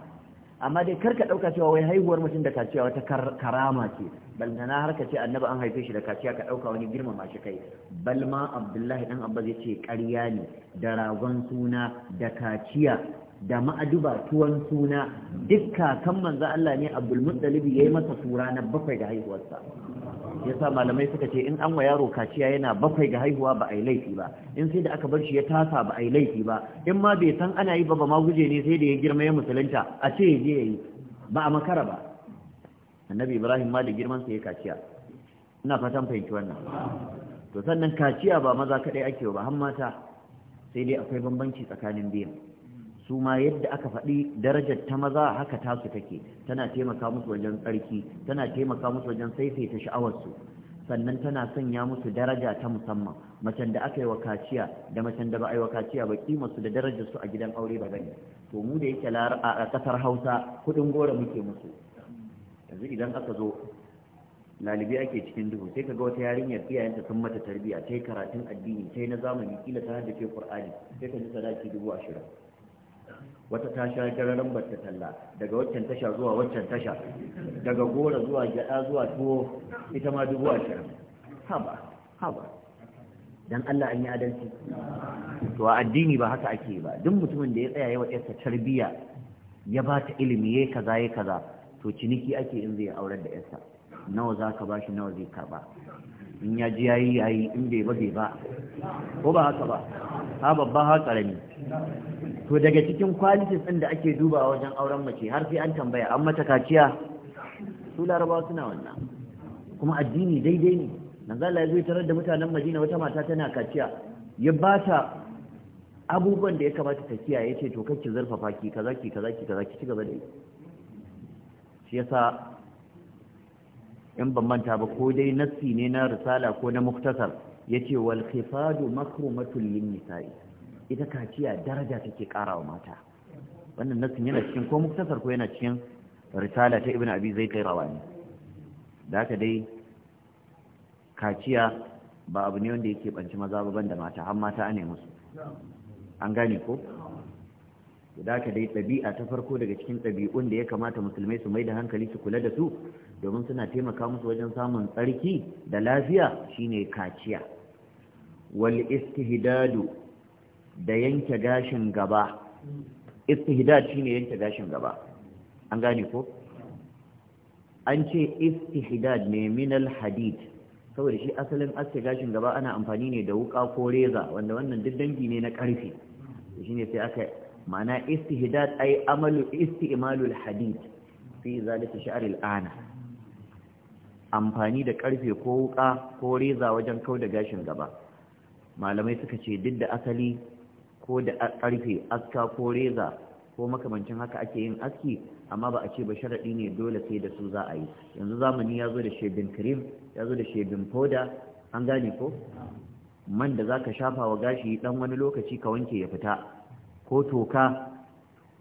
amma dai karka ɗauka cewa wai haihuwar mutum da kaciya wata karama ce balgana har ka ce annabi an haife shi da kaciya ka ɗauka wani girmama shi kai balma abdullahi dan abbas ya ce ƙarya ne da ragon suna da kaciya da ma'aduba tuwon suna duk manzo Allah ne abdul ya yayi masa sura na bakwai da haihuwarsa yasa malamai suka ce in an wa yaro kaciya yana bakwai ga haihuwa ba a yi laifi ba in sai da aka bar shi ya tasa ba a yi laifi ba in ma bai san ana yi ba ba ma guje ne sai da ya girma ya musulunta a ce ya je ya yi ba a makara ba annabi ibrahim ma da girman sa ya kaciya ina fatan fahimci wannan to sannan kaciya ba maza kadai ake ba har mata sai dai akwai bambanci tsakanin biyan su ma yadda aka faɗi darajar ta maza haka tasu take tana taimaka musu wajen tsarki tana taimaka musu wajen saifaita sha'awarsu sannan tana sanya musu daraja ta musamman macen da aka yi wa kaciya da macen da ba a yi wa kaciya ba su da darajar su a gidan aure ba gani to mu da yake a kasar hausa kuɗin gora muke musu yanzu idan aka zo lalibi ake cikin duhu sai ka ga wata yarinyar iyayenta sun mata tarbiyya ta yi karatun addini ta yi na zamani kila ta haddace qur'ani sai ka ji sadaki dubu ashirin wata ta sha gararan batta talla daga waccan tasha zuwa waccan tasha daga gora zuwa gyada zuwa tuwo ita ma dubu ashirin haba haba dan Allah an yi adalci to a addini ba haka ake ba duk mutumin da ya tsaya yawa yarsa tarbiya ya ba ta ilimi yayi kaza yayi kaza to ciniki ake in zai aurar da yarsa nawa za ka shi nawa zai karba in ya ji yayi yayi in bai ba bai ba ko ba haka ba ha babba ha karami to daga cikin kwalitis ɗin da ake duba wajen auren mace har sai an tambaya an mata kaciya su larabawa suna wannan kuma addini daidai ne manzo zala ya zo tarar da mutanen Madina wata mata tana kaciya ya ba ta abubuwan da ya kamata ta kiya ya ce to kake zarfafa ki kaza ki kaza ki kaza ki cigaba da yi shi yasa in ban manta ba ko dai nassi ne na risala ko na muktasar yace wal khifadu makrumatun lin nisa'i ita kaciya daraja take karawa wa mata wannan nasin yana cikin ko muktasar ko yana cikin risala ta ibn abi zai kai rawani da haka dai kaciya ba abu ne wanda yake banci maza ba banda mata har mata ane musu an gane ko da haka dai ɗabi'a ta farko daga cikin ɗabi'un da ya kamata musulmai su mai da hankali su kula da su domin suna taimaka musu wajen samun tsarki da lafiya shine kaciya wal istihdadu da yanke gashin gaba istihdad shine yanke gashin gaba an gane ko an ce istihdad ne min hadid saboda shi asalin aske gashin gaba ana amfani ne da wuka ko reza wanda wannan duk dangi ne na karfi shine sai aka ma'ana istihdad ay amalu istimalul hadid fi zalika sha'r al-ana amfani da karfe ko wuka ko reza wajen kauda gashin gaba malamai suka ce duk da asali ko da ƙarfe aska ko reza ko makamancin haka ake yin aski amma ba a ce ba sharaɗi ne dole sai da su za a yi yanzu zamani ya zo da shebin krim ya zo da shebin foda an gane ko man da za ka shafa wa gashi ɗan wani lokaci ka wanke ya fita ko toka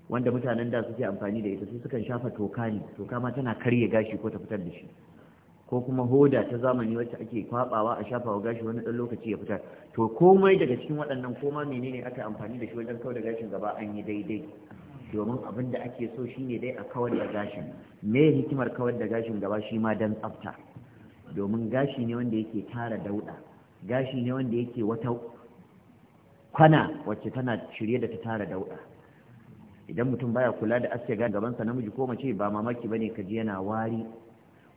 wanda mutanen da suke amfani da ita su sukan shafa toka ne toka ma tana karye gashi ko ta fitar da shi ko kuma hoda ta zamani wacce ake kwabawa a shafawa wa gashi wani dan lokaci ya fitar to komai daga cikin waɗannan koma menene aka amfani da shi wajen kawar da gashin gaba an yi daidai domin abin da ake so shine dai a kawar da gashin me hikimar kawar da gashin gaba shi ma dan tsafta domin gashi ne wanda yake tara dauda gashi ne wanda yake wata kwana wacce tana shirye da ta tara dauda idan mutum baya kula da aske sa namiji ko mace ba mamaki bane kaji yana wari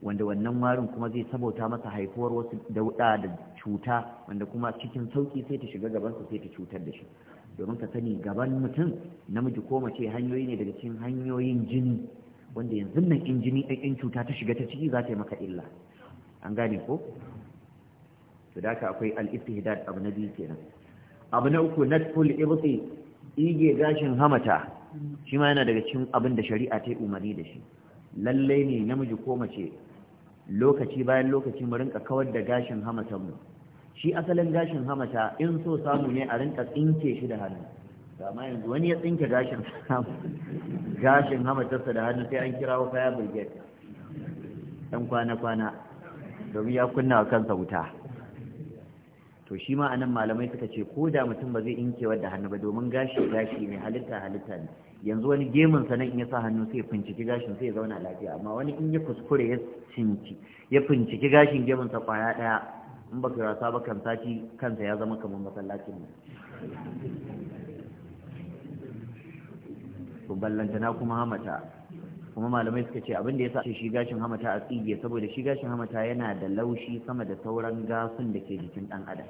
wanda wannan warin kuma zai sabauta masa haifuwar wasu dauɗa da cuta wanda kuma cikin sauki sai ta shiga gabansa sai ta cutar da shi domin ka sani gaban mutum namiji ko mace hanyoyi ne daga cikin hanyoyin jini wanda yanzu nan in jini in cuta ta shiga ta ciki za ta yi maka illa an gane ko to da akwai al-istihdad abu na biyu kenan abu na uku natful ibti ige gashin hamata shi ma yana daga cikin abin da shari'a ta yi umarni da shi lallai ne namiji ko mace lokaci bayan lokaci mu rinka kawar da gashin hamatan mu shi asalin gashin hamata in so samu ne a rinka tsinke shi da hannu amma yanzu wani ya tsinke gashin gashin hamatarsa da hannu sai an kira wa kaya bulget ɗan kwana-kwana domin ya kunna wa kansa wuta to shi ma anan malamai suka ce ko da mutum ba zai inkewa da hannu ba domin gashi gashi ne halitta halitta ne yanzu wani gemun sanan nan in ya sa hannu sai ya finciki gashin sai ya zauna lafiya amma wani in ya kuskure ya cinci ya finciki gashin gemun sa kwaya daya in baka rasa ba kan sati kansa ya zama kamar masallacin ne to na kuma hamata kuma malamai suka ce abin da yasa shi gashin hamata a tsige saboda shi gashin hamata yana da laushi sama da sauran gasun da ke jikin dan adam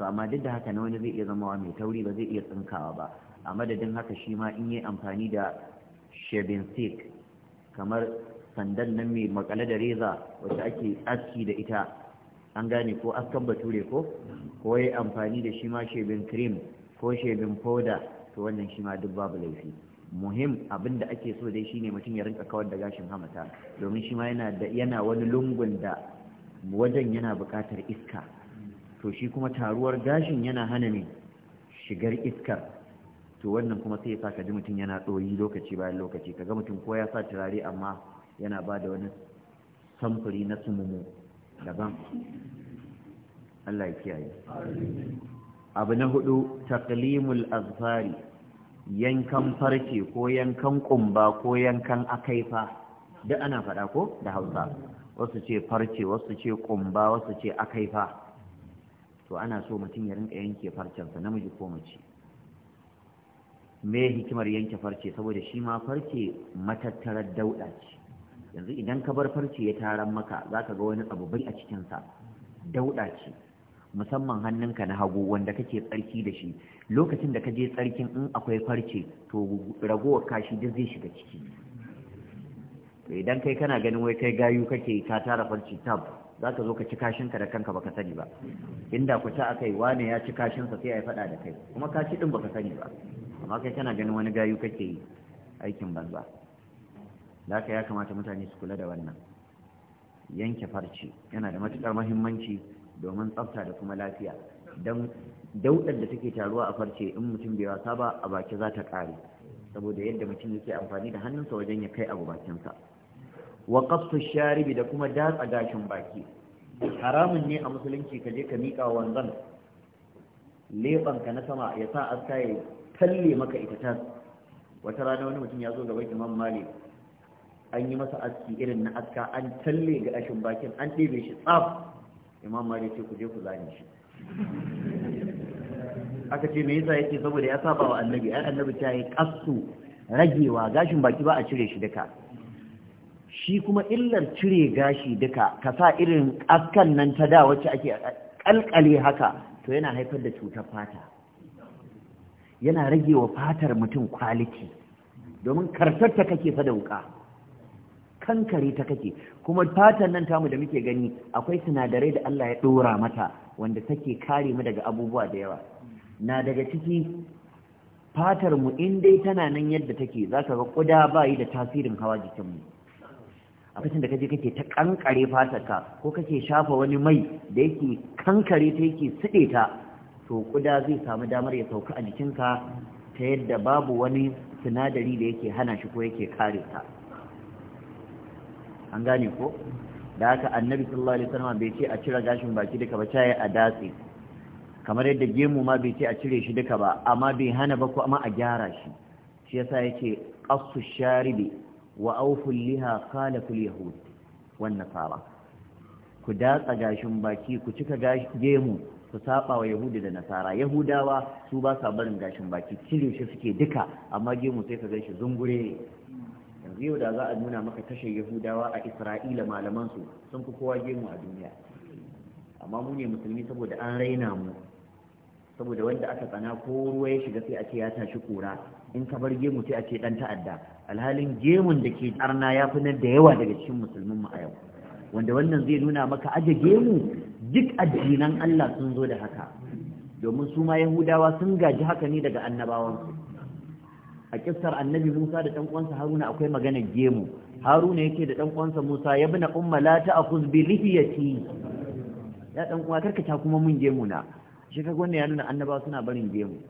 to amma duk da haka na wani zai iya zama mai tauri ba zai iya tsinkawa ba a madadin haka shi ma in yi amfani da shebin stick kamar sandan nan mai makale da reza wacce ake aski da ita an gane ko askan bature ko ko yi amfani da shi ma shebin krim ko shebin foda, to wannan shi ma duk babu laifi muhim abin da ake so dai shine mutum ya rinka kawar da gashin hamata domin shi ma yana da yana wani lungun da wajen yana buƙatar iska to shi kuma taruwar gashin yana hana ne shigar iskar to wannan kuma sai ya sa ka ji mutum yana ɗoyi lokaci bayan lokaci ka ga mutum ko ya sa turare amma yana ba da wani samfuri na sumumu daban Allah ya kiyaye abu na hudu taklimul azfari yankan farce ko yankan kumba ko yankan akaifa duk ana faɗa ko da Hausa wasu ce farce wasu ce kumba wasu ce akaifa to ana so mutum ya rinka yanke farcensa namiji ko mace me hikimar yanke farce saboda shi ma farce matattarar dauɗa ce yanzu idan ka bar farce ya taran maka za ka ga wani abu bai a cikinsa dauɗa ce musamman hannunka na hagu wanda kake tsarki da shi lokacin da ka je tsarkin in akwai farce to ragowar kashi duk zai shiga ciki to idan kai kana ganin wai kai gayu kake ka tara farce tab za ka zo ka ci kashinka da kanka baka sani ba inda ku ta akai wane ya ci kashinsa sai a yi faɗa da kai kuma kashi ɗin baka sani ba amma kai kana ganin wani gayu kake yi aikin banza da haka ya kamata mutane su kula da wannan yanke farce yana da matukar mahimmanci domin tsafta da kuma lafiya don daudar da take taruwa a farce in mutum bai wasa ba a baki za ta kare saboda yadda mutum yake amfani da hannunsa wajen ya kai abu bakinsa wa sharibi da kuma datsa gashin baki haramun ne a musulunci ka je ka miƙa wanzan leɓanka na sama ya sa aska ya Talle maka ita ta wata rana wani mutum ya zo gaban imam malik an yi masa aski irin na aska an talle ga ashin bakin an ɗebe shi tsaf imam malik ce ku je ku zane shi aka ce me yasa yake saboda ya saba wa annabi ai annabi ta yi kasu ragewa gashin baki ba a cire shi duka shi kuma illar cire gashi duka ka sa irin askan nan ta da wacce ake kalkale haka to yana haifar da cutar fata yana rage wa fatar mutum kwaliti domin kartar ta kake fa da wuka kankare ta kake kuma fatan nan tamu da muke gani akwai sinadarai da Allah ya dora mata wanda take kare mu daga abubuwa da yawa na daga ciki fatar mu in dai tana nan yadda take zaka ga kuda bayi da tasirin hawa jikin mu a da kaje kake ta kankare ka, ko kake shafa wani mai da yake kankare ta yake sude ta to kuda zai samu damar ya sauka a jikinka ta yadda babu wani sinadari da yake hana shi ko yake kare ta an gane ko da haka annabi sallallahu alaihi wasallam bai ce a cire gashin baki duka ba ta a datse kamar yadda gemu ma bai ce a cire shi duka ba amma bai hana ba ko amma a gyara shi shi yasa yake qassu sharibi wa awfu liha kul yahud wan nasara ku datsa gashin baki ku cika gemu su saba wa yahudi da nasara yahudawa su ba sa barin gashin baki cire shi suke duka amma gemu sai ka gan shi zungure yanzu yau da za a nuna maka tashar yahudawa a isra'ila malaman su sun fi kowa gemu a duniya amma mu ne musulmi saboda an raina mu saboda wanda aka tsana ko ruwa ya shiga sai a ce ya tashi kura in ka bar gemu sai a ce dan ta'adda alhalin gemun da ke arna ya fi nan da yawa daga cikin musulmin mu a yau wanda wannan zai nuna maka aje gemu duk addinan Allah sun zo da haka domin su ma yahudawa sun gaji haka ne daga annabawansu a kissar annabi musa da ɗan uwansa haruna akwai maganar gemu haruna yake da ɗan uwansa musa ya bina umma la ta'khuz bi lihiyati ya ɗan uwa ta kuma mun gemu na shi kaga wannan ya nuna annabawa suna barin gemu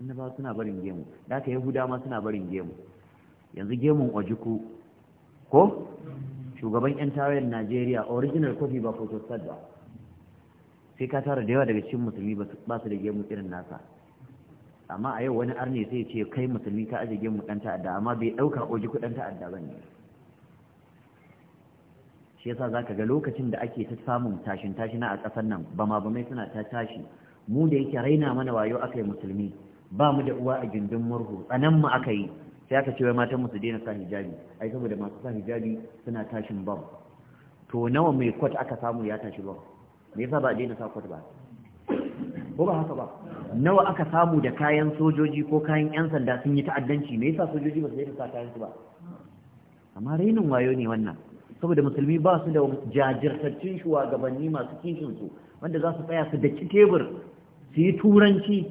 annabawa suna barin gemu da haka yahudawa ma suna barin gemu yanzu gemun ojuku ko shugaban 'yan tarayyar najeriya original kwafi ba photostat ba sai ka tara da yawa daga cikin musulmi ba su da gemu irin nasa amma a yau wani arne sai ce kai musulmi ta aje gemu ɗan ta'adda amma bai ɗauka oji kuɗin ta'adda ba ne shi yasa za ka ga lokacin da ake ta samun tashin tashina a ƙasar nan ba ma ba mai suna ta tashi mu da yake raina mana wayo aka yi musulmi ba mu da uwa a gindin murhu tsanan mu aka yi sai aka ce wai matan musu daina sa hijabi ai saboda masu sa hijabi suna tashin bab to nawa mai kwat aka samu ya tashi bab me yasa ba a daina sa kwat ba ko ba haka ba nawa aka samu da kayan sojoji ko kayan yan sanda sun yi ta'addanci me yasa sojoji ba su daina sa kayan su ba amma rainin wayo ne wannan saboda musulmi ba su da jajirtattun shugabanni masu kishin su wanda za su tsaya su daki tebur su yi turanci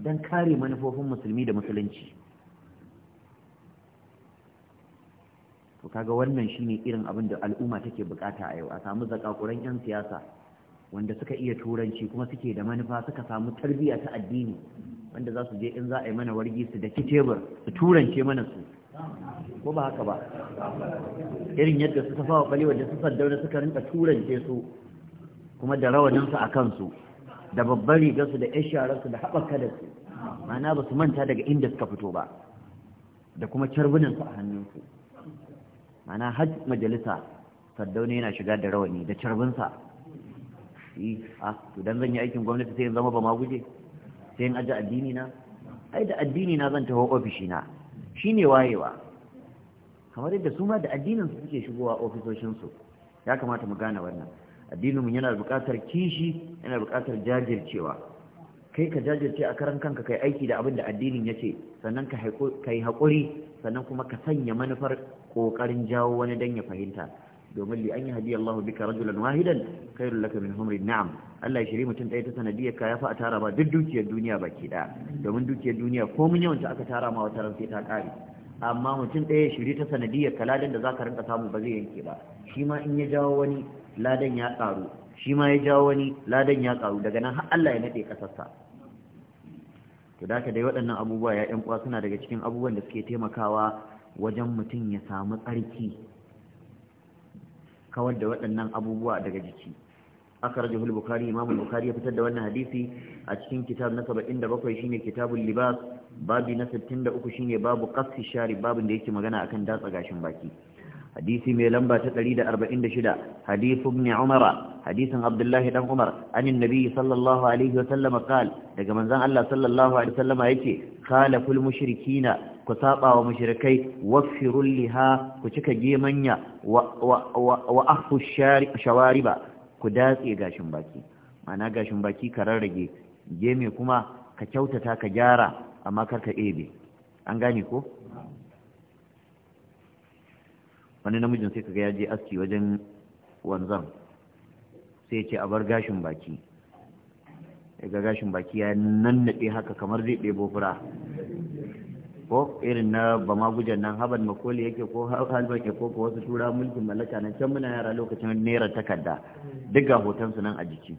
don kare manufofin musulmi da musulunci to kaga wannan shine irin abin da al'umma take bukata a yau a samu zakakuran yan siyasa wanda suka iya turanci kuma suke da manufa suka samu tarbiyya ta addini wanda za su je in za a yi mana wargi su da tebur su turance mana su ko ba haka ba irin yadda su safa wa kwalewa da su saddauna suka rinka turance su kuma da rawaninsu a kansu da babban rigarsu da yan shararsu da haɓaka da su ma'ana ba su manta daga inda suka fito ba da kuma carbinansu a hannunsu mana hajj majalisa saddaune yana shiga da rawani da carbinsa yi a ah, idan zan yi aikin gwamnati sai in zama ba ma guje sai in aji addini na ai da addini na zan taho ofishi na shine wayewa kamar yadda su ma da addinin su suke shigowa ofisoshin su ya kamata mu gane wannan addinin mu yana buƙatar kishi yana buƙatar jajircewa kai ka jajirce a karan kanka kai aiki da abin da addinin ya ce sannan ka yi haƙuri sannan kuma ka sanya manufar ƙoƙarin jawo wani dan ya fahimta domin li an yi hadiya Allah bika rajulan wahidan khairul laka min humri na'am Allah ya shiri mutum ɗaya ta sanadiyar ka ya fa a tara ba duk dukiyar duniya baki ɗaya domin dukiyar duniya ko mun yawanta aka tara ma wata ran sai ta ƙare amma mutum ɗaya shiri ta sanadiyar ka ladan da zaka rinka samu ba zai yanke ba shi ma in ya jawo wani ladan ya ƙaru shi ma ya jawo wani ladan ya ƙaru daga nan har Allah ya naɗe ƙasarsa to da dai waɗannan abubuwa ya uwa suna daga cikin abubuwan da suke taimakawa wajen mutum ya samu tsarki kawar da waɗannan abubuwa daga jiki aka raje bukari imamul bukari ya fitar da wannan hadisi a cikin kitab na saba'in da bakwai shine kitabun libas babi na sittin da uku shine babu kafin shari babin da yake magana akan datsa gashin baki حديث ميلمبا تتريد أربعين دشدا حديث ابن عمر حديث عبد الله بن عمر عن النبي صلى الله عليه وسلم قال لك من ذا الله صلى الله عليه وسلم يتي خالف المشركين كساطا ومشركي وفروا لها كتك جيمنيا وأخفوا الشوارب كداتي قاشن باكي معنى قاشن باكي كرارجي جيمي كما كتوتتا كجارة أما كرك إيبي أنغاني كو wani namijin sai kaga ya je aski wajen wanzan sai ya ce a bar gashin baki ga gashin baki ya nannaɗe haka kamar zai ɗebo fura ko irin na ba ma gujan nan haban makoli yake ko halban ke ko wasu tura mulkin mallaka nan can muna yara lokacin naira takarda duk ga hotonsu nan a jiki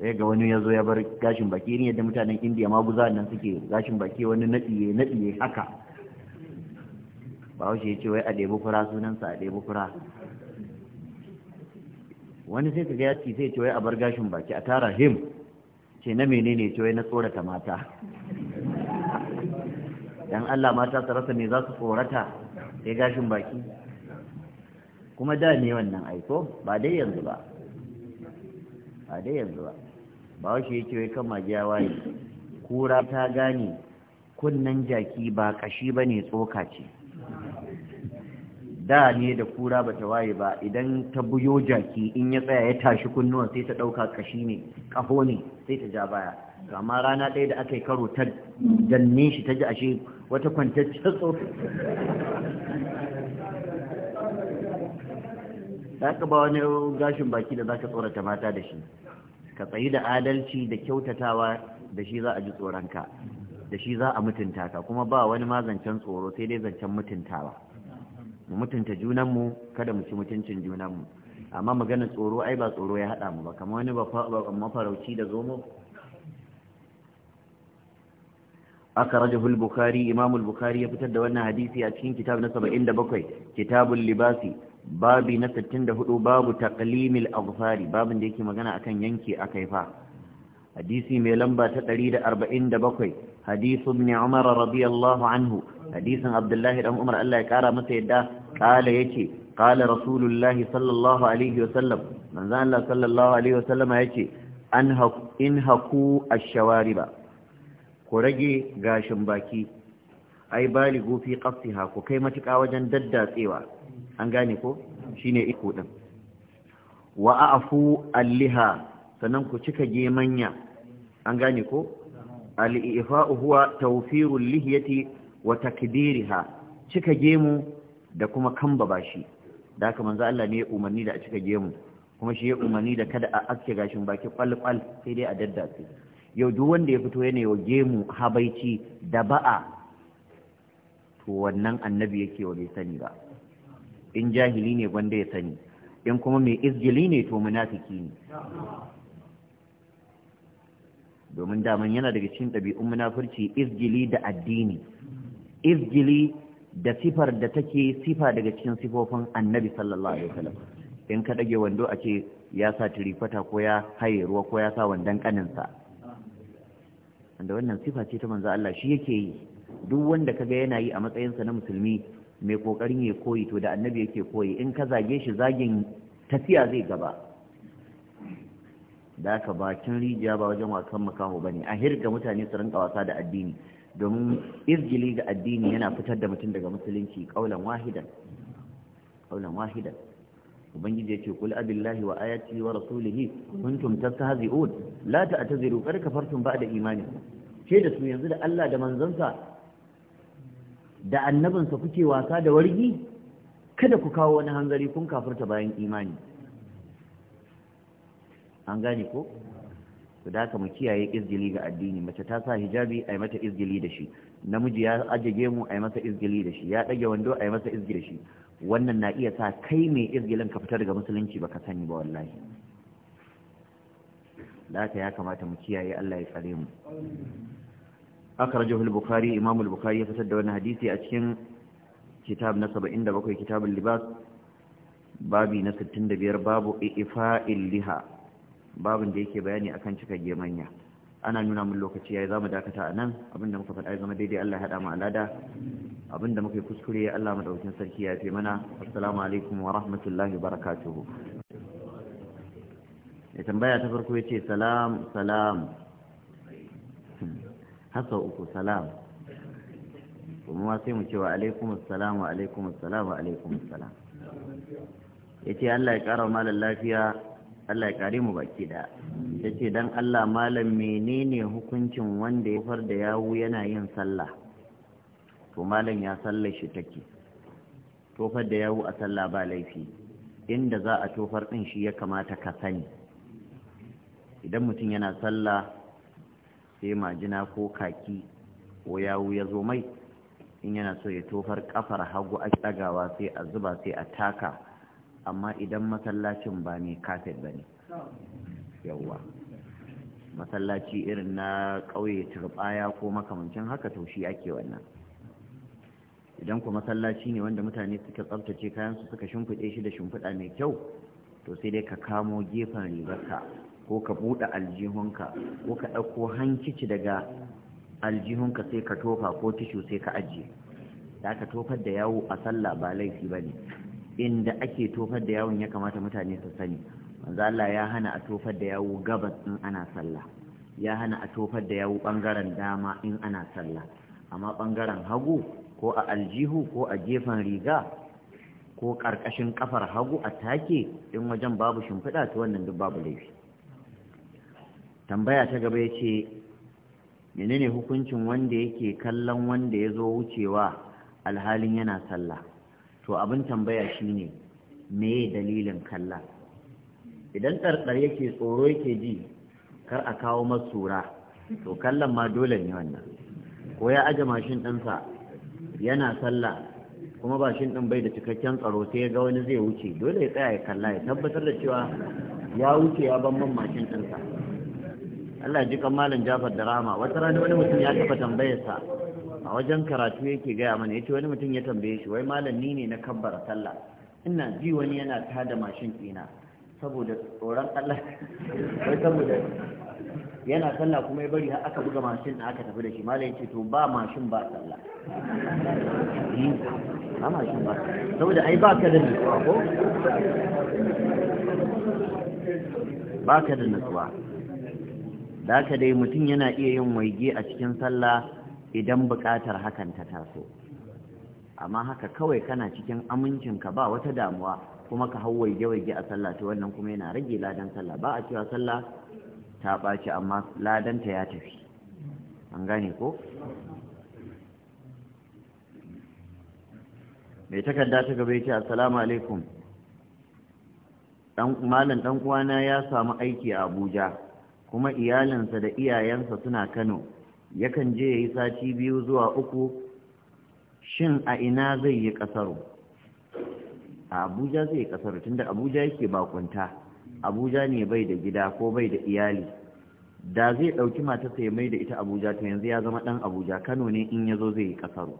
sai ga wani ya ya bar gashin baki irin yadda mutanen indiya ma guza nan suke gashin baki wani naɗiye naɗiye haka ba ya ce wai a ɗebi fura sunansa a ɗebi fura wani sai ka ga yaki sai ce wai a bar gashin baki a tara him ce na menene ce wai na tsorata mata dan Allah mata su rasa me za su tsorata sai gashin baki kuma da ne wannan aiko ba dai yanzu ba ba dai yanzu ba ba wace yake wai kan magiya waye kura ta gane kunnen jaki ba kashi ba ne tsoka ce da ne da kura ba ta waye ba idan ta buyo jaki in ya tsaya ya tashi kunnuwa sai ta ɗauka kashi ne ƙaho ne sai ta ja baya amma rana ɗaya da aka yi karo ta danne shi ta ji ashe wata kwantacciyar tsofi za ka ba wani gashin baki da za ka tsorata mata da shi ka tsayi da adalci da kyautatawa da shi za a ji tsoronka da shi za a mutunta ka kuma ba wani ma zancen tsoro sai dai zancen mutuntawa mu mutunta junanmu kada mu ci mutuncin junanmu amma magana tsoro ai ba tsoro ya haɗa mu ba kamar wani mafarauci da zomo aka rajahu al-bukhari imam al-bukhari ya fitar da wannan hadisi a cikin kitab na 77 kitabun libasi babi na 64 babu taqlimil azfari babin da yake magana akan a kaifa. hadisi mai lamba ta 147 hadithu ibn umar radiyallahu anhu hadisin abdullahi dan umar Allah ya kara masa yadda kala yace kala rasulullahi sallallahu alaihi wasallam manzo Allah sallallahu alaihi sallama yace an in haku ash-shawariba ku rage gashin baki ai baligu fi qafsiha ku kai matuƙa wajen daddatsewa an gane ko shine iko din wa afu alliha sannan ku cika gemanya an gane ko al-ifa'u huwa tawfirul lihiyati wa takdiriha cika gemu da kuma kamba shi da haka manzo Allah ne ya umarni da a cika gemu kuma shi ya umarni da kada a aske gashin baki kwalkwal sai dai a daddace yau duk wanda ya fito yana wa gemu habaici da ba'a to wannan annabi yake wa bai sani ba in jahili ne gwanda ya sani in kuma mai izgili ne to munafiki ne domin daman yana daga cikin ɗabi'un munafurci izgili da addini izgili da sifar da take sifa daga cikin sifofin annabi sallallahu alaihi wasallam in ka dage wando a ce ya sa tirifata ko ya haye ruwa ko ya sa wandon kaninsa Wanda wannan sifa ce ta manzo Allah shi yake yi duk wanda kaga yana yi a matsayinsa na musulmi mai kokarin ya koyi to da annabi yake koyi in ka zage shi zagin tafiya zai gaba da ka bakin rijiya ba wajen wasan makamu bane a hirga mutane su rinka wasa da addini domin izgili ga addini yana fitar da mutum daga musulunci kaulan wahidan kaulan wahidan ubangiji yace kul abillahi wa ayati wa rasulihi kuntum tastahzi'un la ta'tadiru kar kafartum ba'da imani ke da su yanzu da Allah da manzansa da annabinsa kuke wasa da wargi kada ku kawo wani hanzari kun kafirta bayan imani an gane ko su da mu kiyaye izgili ga addini mace ta sa hijabi a mata izgili da shi namiji ya ajage mu a masa izgili da shi ya dage wando a masa izgili da shi wannan na iya sa kai mai izgilin ka fita daga musulunci baka sani ba wallahi lata ya kamata mu kiyaye Allah ya tsare mu akhrajahu al-bukhari imam al-bukhari ya fitar da wannan hadisi a cikin kitab na 77 al libas babi na 65 babu ifa'il liha babin da yake bayani akan cika gemanya ana nuna min lokaci yayi zamu dakata a nan abinda muka faɗa zama daidai Allah ya hada mu alada abinda muka yi kuskure Allah madaukakin sarki ya fi mana assalamu alaikum wa rahmatullahi wa barakatuh ya tambaya ta farko yace salam salam hasa uku salam kuma sai mu cewa alaikum assalam wa alaikum assalam wa alaikum assalam yace Allah ya kara malan lafiya Allah ya kare mu baki da ya ce don Allah malam menene hukuncin wanda ya farda da yana yin sallah to malam ya sallar shi take tofar da yawu a sallah ba laifi inda za a tofar ɗin shi ya kamata ka sani idan mutum yana sallah sai majina ko kaki ko yawu ya zo mai in yana so ya tofar kafar hagu a ɗagawa sai a zuba sai a taka amma idan masallacin ba ne kafet ba ne yawwa masallaci irin na ƙauye turɓaya ko makamancin haka taushi ake wannan idan ku masallaci ne wanda mutane suka tsabtace kayansu suka shimfiɗe shi da shimfiɗa mai kyau to sai dai ka kamo gefen rigarka ko ka buɗe aljihunka ko ka ɗauko hankici daga aljihunka sai ka tofa ko tishu sai ka ajiye da ka tofar da yawo a sallah ba laifi ba ne inda ake tofar da yawon ya kamata mutane su sani manzo Allah ya hana a tofar da yawo gabas in ana sallah ya hana a tofar da yawo bangaren dama in ana sallah amma bangaren hagu ko a aljihu ko a gefen riga ko karkashin kafar hagu a take in wajen babu shimfiɗa to wannan duk babu laifi tambaya ta gaba ya yace menene hukuncin wanda yake kallon wanda ya zo wucewa alhalin yana sallah to abin tambaya shine me dalilin kalla idan tsartsar yake tsoro yake ji kar a kawo masura to kallon ma dole ne wannan ko ya aje mashin ɗinsa yana sallah kuma bashin ɗin bai da cikakken tsaro sai ya ga wani zai wuce dole ya tsaya ya kalla ya tabbatar da cewa ya wuce ya ban man mashin ɗinsa Allah ji kan malam Jafar da Rama wata rana wani mutum ya taba tambayarsa a wajen karatu yake gaya mana yace wani mutum ya tambaye shi wai malami ne na kabbara sallah ina ji wani yana tada mashin ɗina saboda tsoron Allah (laughs) wai saboda yana sallah kuma ya bari har aka buga mashin da aka tafi da shi ya ce to ba mashin ba sallah (laughs) ba mashin ba saboda ai ba ka da nutsuwa ko ba ka da nutsuwa da ka dai mutum yana iya yin waige a cikin sallah idan buƙatar hakan ta taso amma haka kawai kana cikin amincin ka ba wata damuwa kuma ka hau waige-waige a sallah to wannan kuma yana rage ladan sallah ba a cewa sallah ta ɓaci amma ladanta ya tafi an gane ko mai takarda ta gaba ya ce assalamu alaikum malam ɗan uwana ya samu aiki a abuja kuma iyalinsa da iyayensa suna kano yakan je ya yi sati biyu zuwa uku shin a ina zai yi ƙasaru a abuja zai yi ƙasaru tunda abuja yake bakunta abuja ne bai da gida ko bai da iyali da zai ɗauki matarsa ya mai da ita abuja ta yanzu ya zama ɗan abuja kano ne in yazo zai yi ƙasaru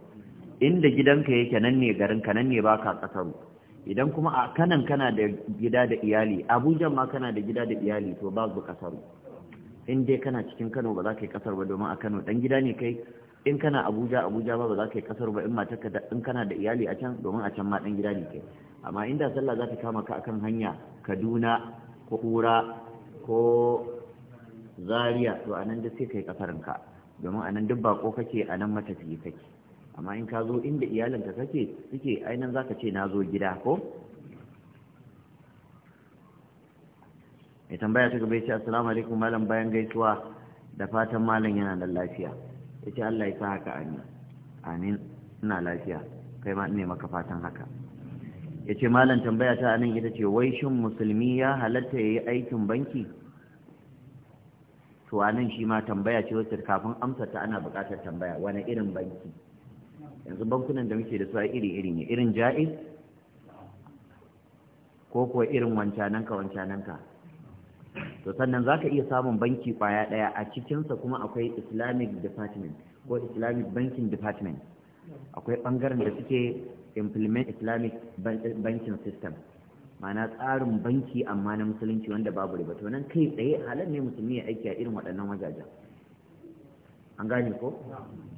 inda gidanka yake nan ne garinka nan ne baka ƙasaru idan kuma a kanan kana da gida da iyali abuja ma kana da gida da iyali to ba babu ƙasaru in dai kana cikin kano ba za ka yi kasar ba domin a kano dan gida ne kai in kana abuja abuja ba ba za ka yi kasar ba in matarka in kana da iyali a can domin a can ma dan gida ne kai amma inda sallah za ta kama ka akan hanya kaduna ko kura ko zaria to anan duk sai kai ka domin anan duk bako kake anan matafiyi kake amma in ka zo inda iyalinka kake suke ainihin za ka ce na zo gida ko mai tambaya ta gaba ya ce assalamu alaikum malam bayan gaisuwa da fatan malam yana da lafiya ya ce Allah ya sa haka amin amin ina lafiya kai ma ne maka fatan haka ya ce malam tambaya ta anan ita ce wai shin musulmi ya halatta ya yi aikin banki to anan shi ma tambaya ce wacce kafin amsa ta ana buƙatar tambaya wani irin banki yanzu bankunan da muke da su a iri-iri ne irin ja'iz ko kuwa irin wancananka wancananka to sannan za ka iya samun banki kwaya ɗaya a cikinsa kuma akwai islamic department ko islamic banking department akwai ɓangaren da suke implement islamic banking system mana tsarin banki amma na musulunci wanda babu riba to nan kai tsaye halar ne musulmi ya aiki a irin waɗannan wajajen an gane ko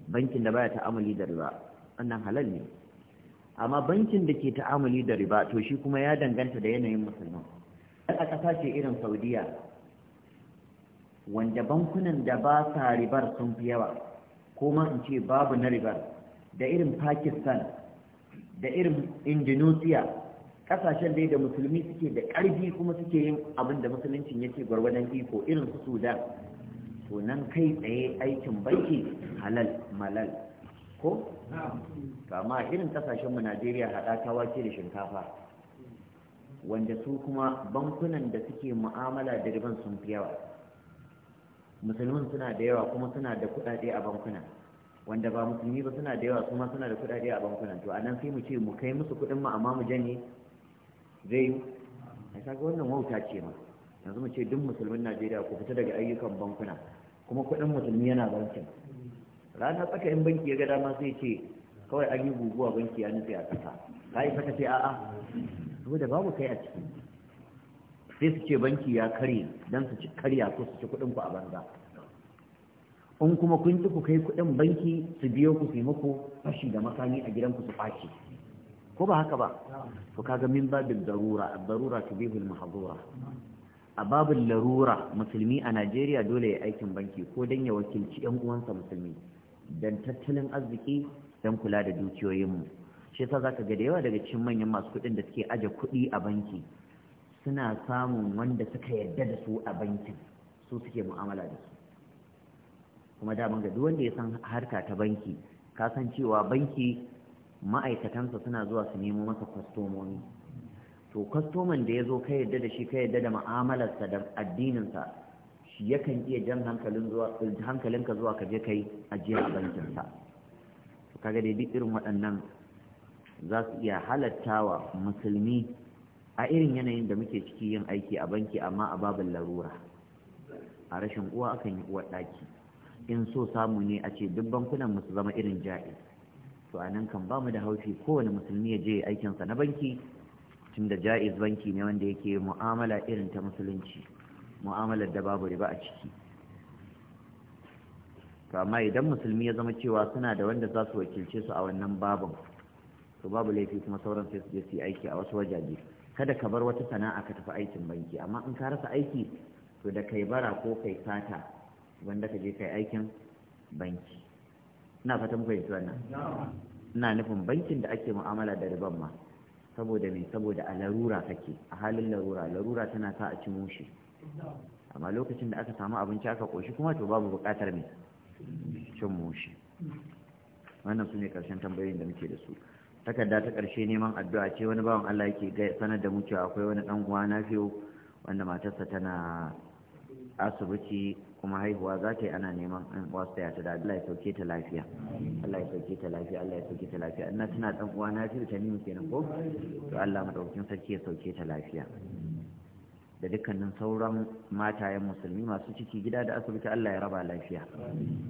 bankin da baya ta'amali da riba wannan halal ne amma bankin da ke ta'amali da riba to shi kuma ya danganta da yanayin musulman a ƙasa ce irin saudiya wanda bankunan da ba sa ribar sun fi yawa ko ma in ce babu na ribar da irin pakistan da irin indonesia ƙasashen dai da musulmi suke da ƙarfi kuma suke yin abin da musuluncin yake gwargwadon iko irin su sudan to nan kai tsaye aikin banki halal malal ko? kama irin ƙasashenmu najeriya haɗa ta da shinkafa wanda su kuma bankunan da suke mu'amala da riban sun fi yawa musulmin suna da yawa kuma suna da kuɗaɗe a bankuna wanda ba musulmi ba suna da yawa kuma suna da kuɗaɗe a bankuna to anan sai mu ce mu kai musu kuɗin mu amma mu janye zai yi kaga wannan wauta ce ma yanzu mu ce duk musulmin Najeriya ku fita daga ayyukan bankuna kuma kuɗin musulmi yana bankin ranar tsaka in banki ya ga dama sai ce kawai an yi guguwa banki ya nufi a ƙasa ka yi fata sai a'a da babu kai a ciki sai su ce banki ya karye don su ci karya ko su ci kuɗin ku a banza in kuma kun ku kai kuɗin banki su biyo ku su yi muku fashi da makami a ku su ɓaci ko ba haka ba to kaga min babin darura darura tubihul mahdura a babin larura musulmi a najeriya dole ya aikin banki ko don ya wakilci 'yan uwansa musulmi don tattalin arziki don kula da dukiyoyinmu shi yasa zaka ga da yawa daga cikin manyan masu kuɗin da suke aje kuɗi a banki suna samun wanda suka yarda da su a bankin su suke mu'amala da su kuma daman ga duk wanda ya san harka ta banki ka san cewa banki ma'aikatansa suna zuwa su nemo masa kwastomomi to kwastomin da ya zo ka yarda da shi ka yarda da mu'amalarsa da addininsa shi yakan iya jan hankalin hankalinka zuwa ka je kai ajiya a bankinsa kaga dai duk irin waɗannan za su iya halattawa musulmi a irin yanayin da muke ciki yin aiki a banki amma a babin larura a rashin uwa akan yi uwar ɗaki in so samu ne a ce duk bankunan mu su zama irin ja'i to a nan kan bamu da haushi kowane musulmi ya je aikinsa na banki tunda ja'iz banki ne wanda yake mu'amala irin ta musulunci mu'amalar da babu riba a ciki to amma idan musulmi ya zama cewa suna da wanda za su wakilce su a wannan babin to babu laifi kuma sauran sai su je su yi aiki a wasu wajaje kada ka bar wata sana'a ka tafi aikin banki amma in ka rasa aiki to da kai bara ko kai sata wanda ka je kai aikin banki ina fata muka yi wannan ina nufin bankin da ake mu'amala da riban ma saboda me saboda a larura kake a halin larura larura tana sa a ci mushi amma lokacin da aka samu abinci aka koshi kuma to babu bukatar me cin mushi wannan su ne karshen tambayoyin da muke da su takarda ta ƙarshe neman addu'a ce wani bawan Allah yake ga sanar da mu cewa akwai wani dan uwa na fiyo wanda matarsa tana asibiti kuma haihuwa za ta yi ana neman an wasu ya ta da Allah ya sauke ta lafiya Allah ya sauke ta lafiya Allah ya sauke ta lafiya ina tana dan uwa na fiyo ta nemi kenan ko to Allah madaukakin sarki ya sauke ta lafiya da dukkanin sauran matayen musulmi masu ciki gida da asibiti Allah ya raba lafiya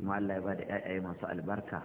kuma Allah ya ba da ƴaƴaye masu albarka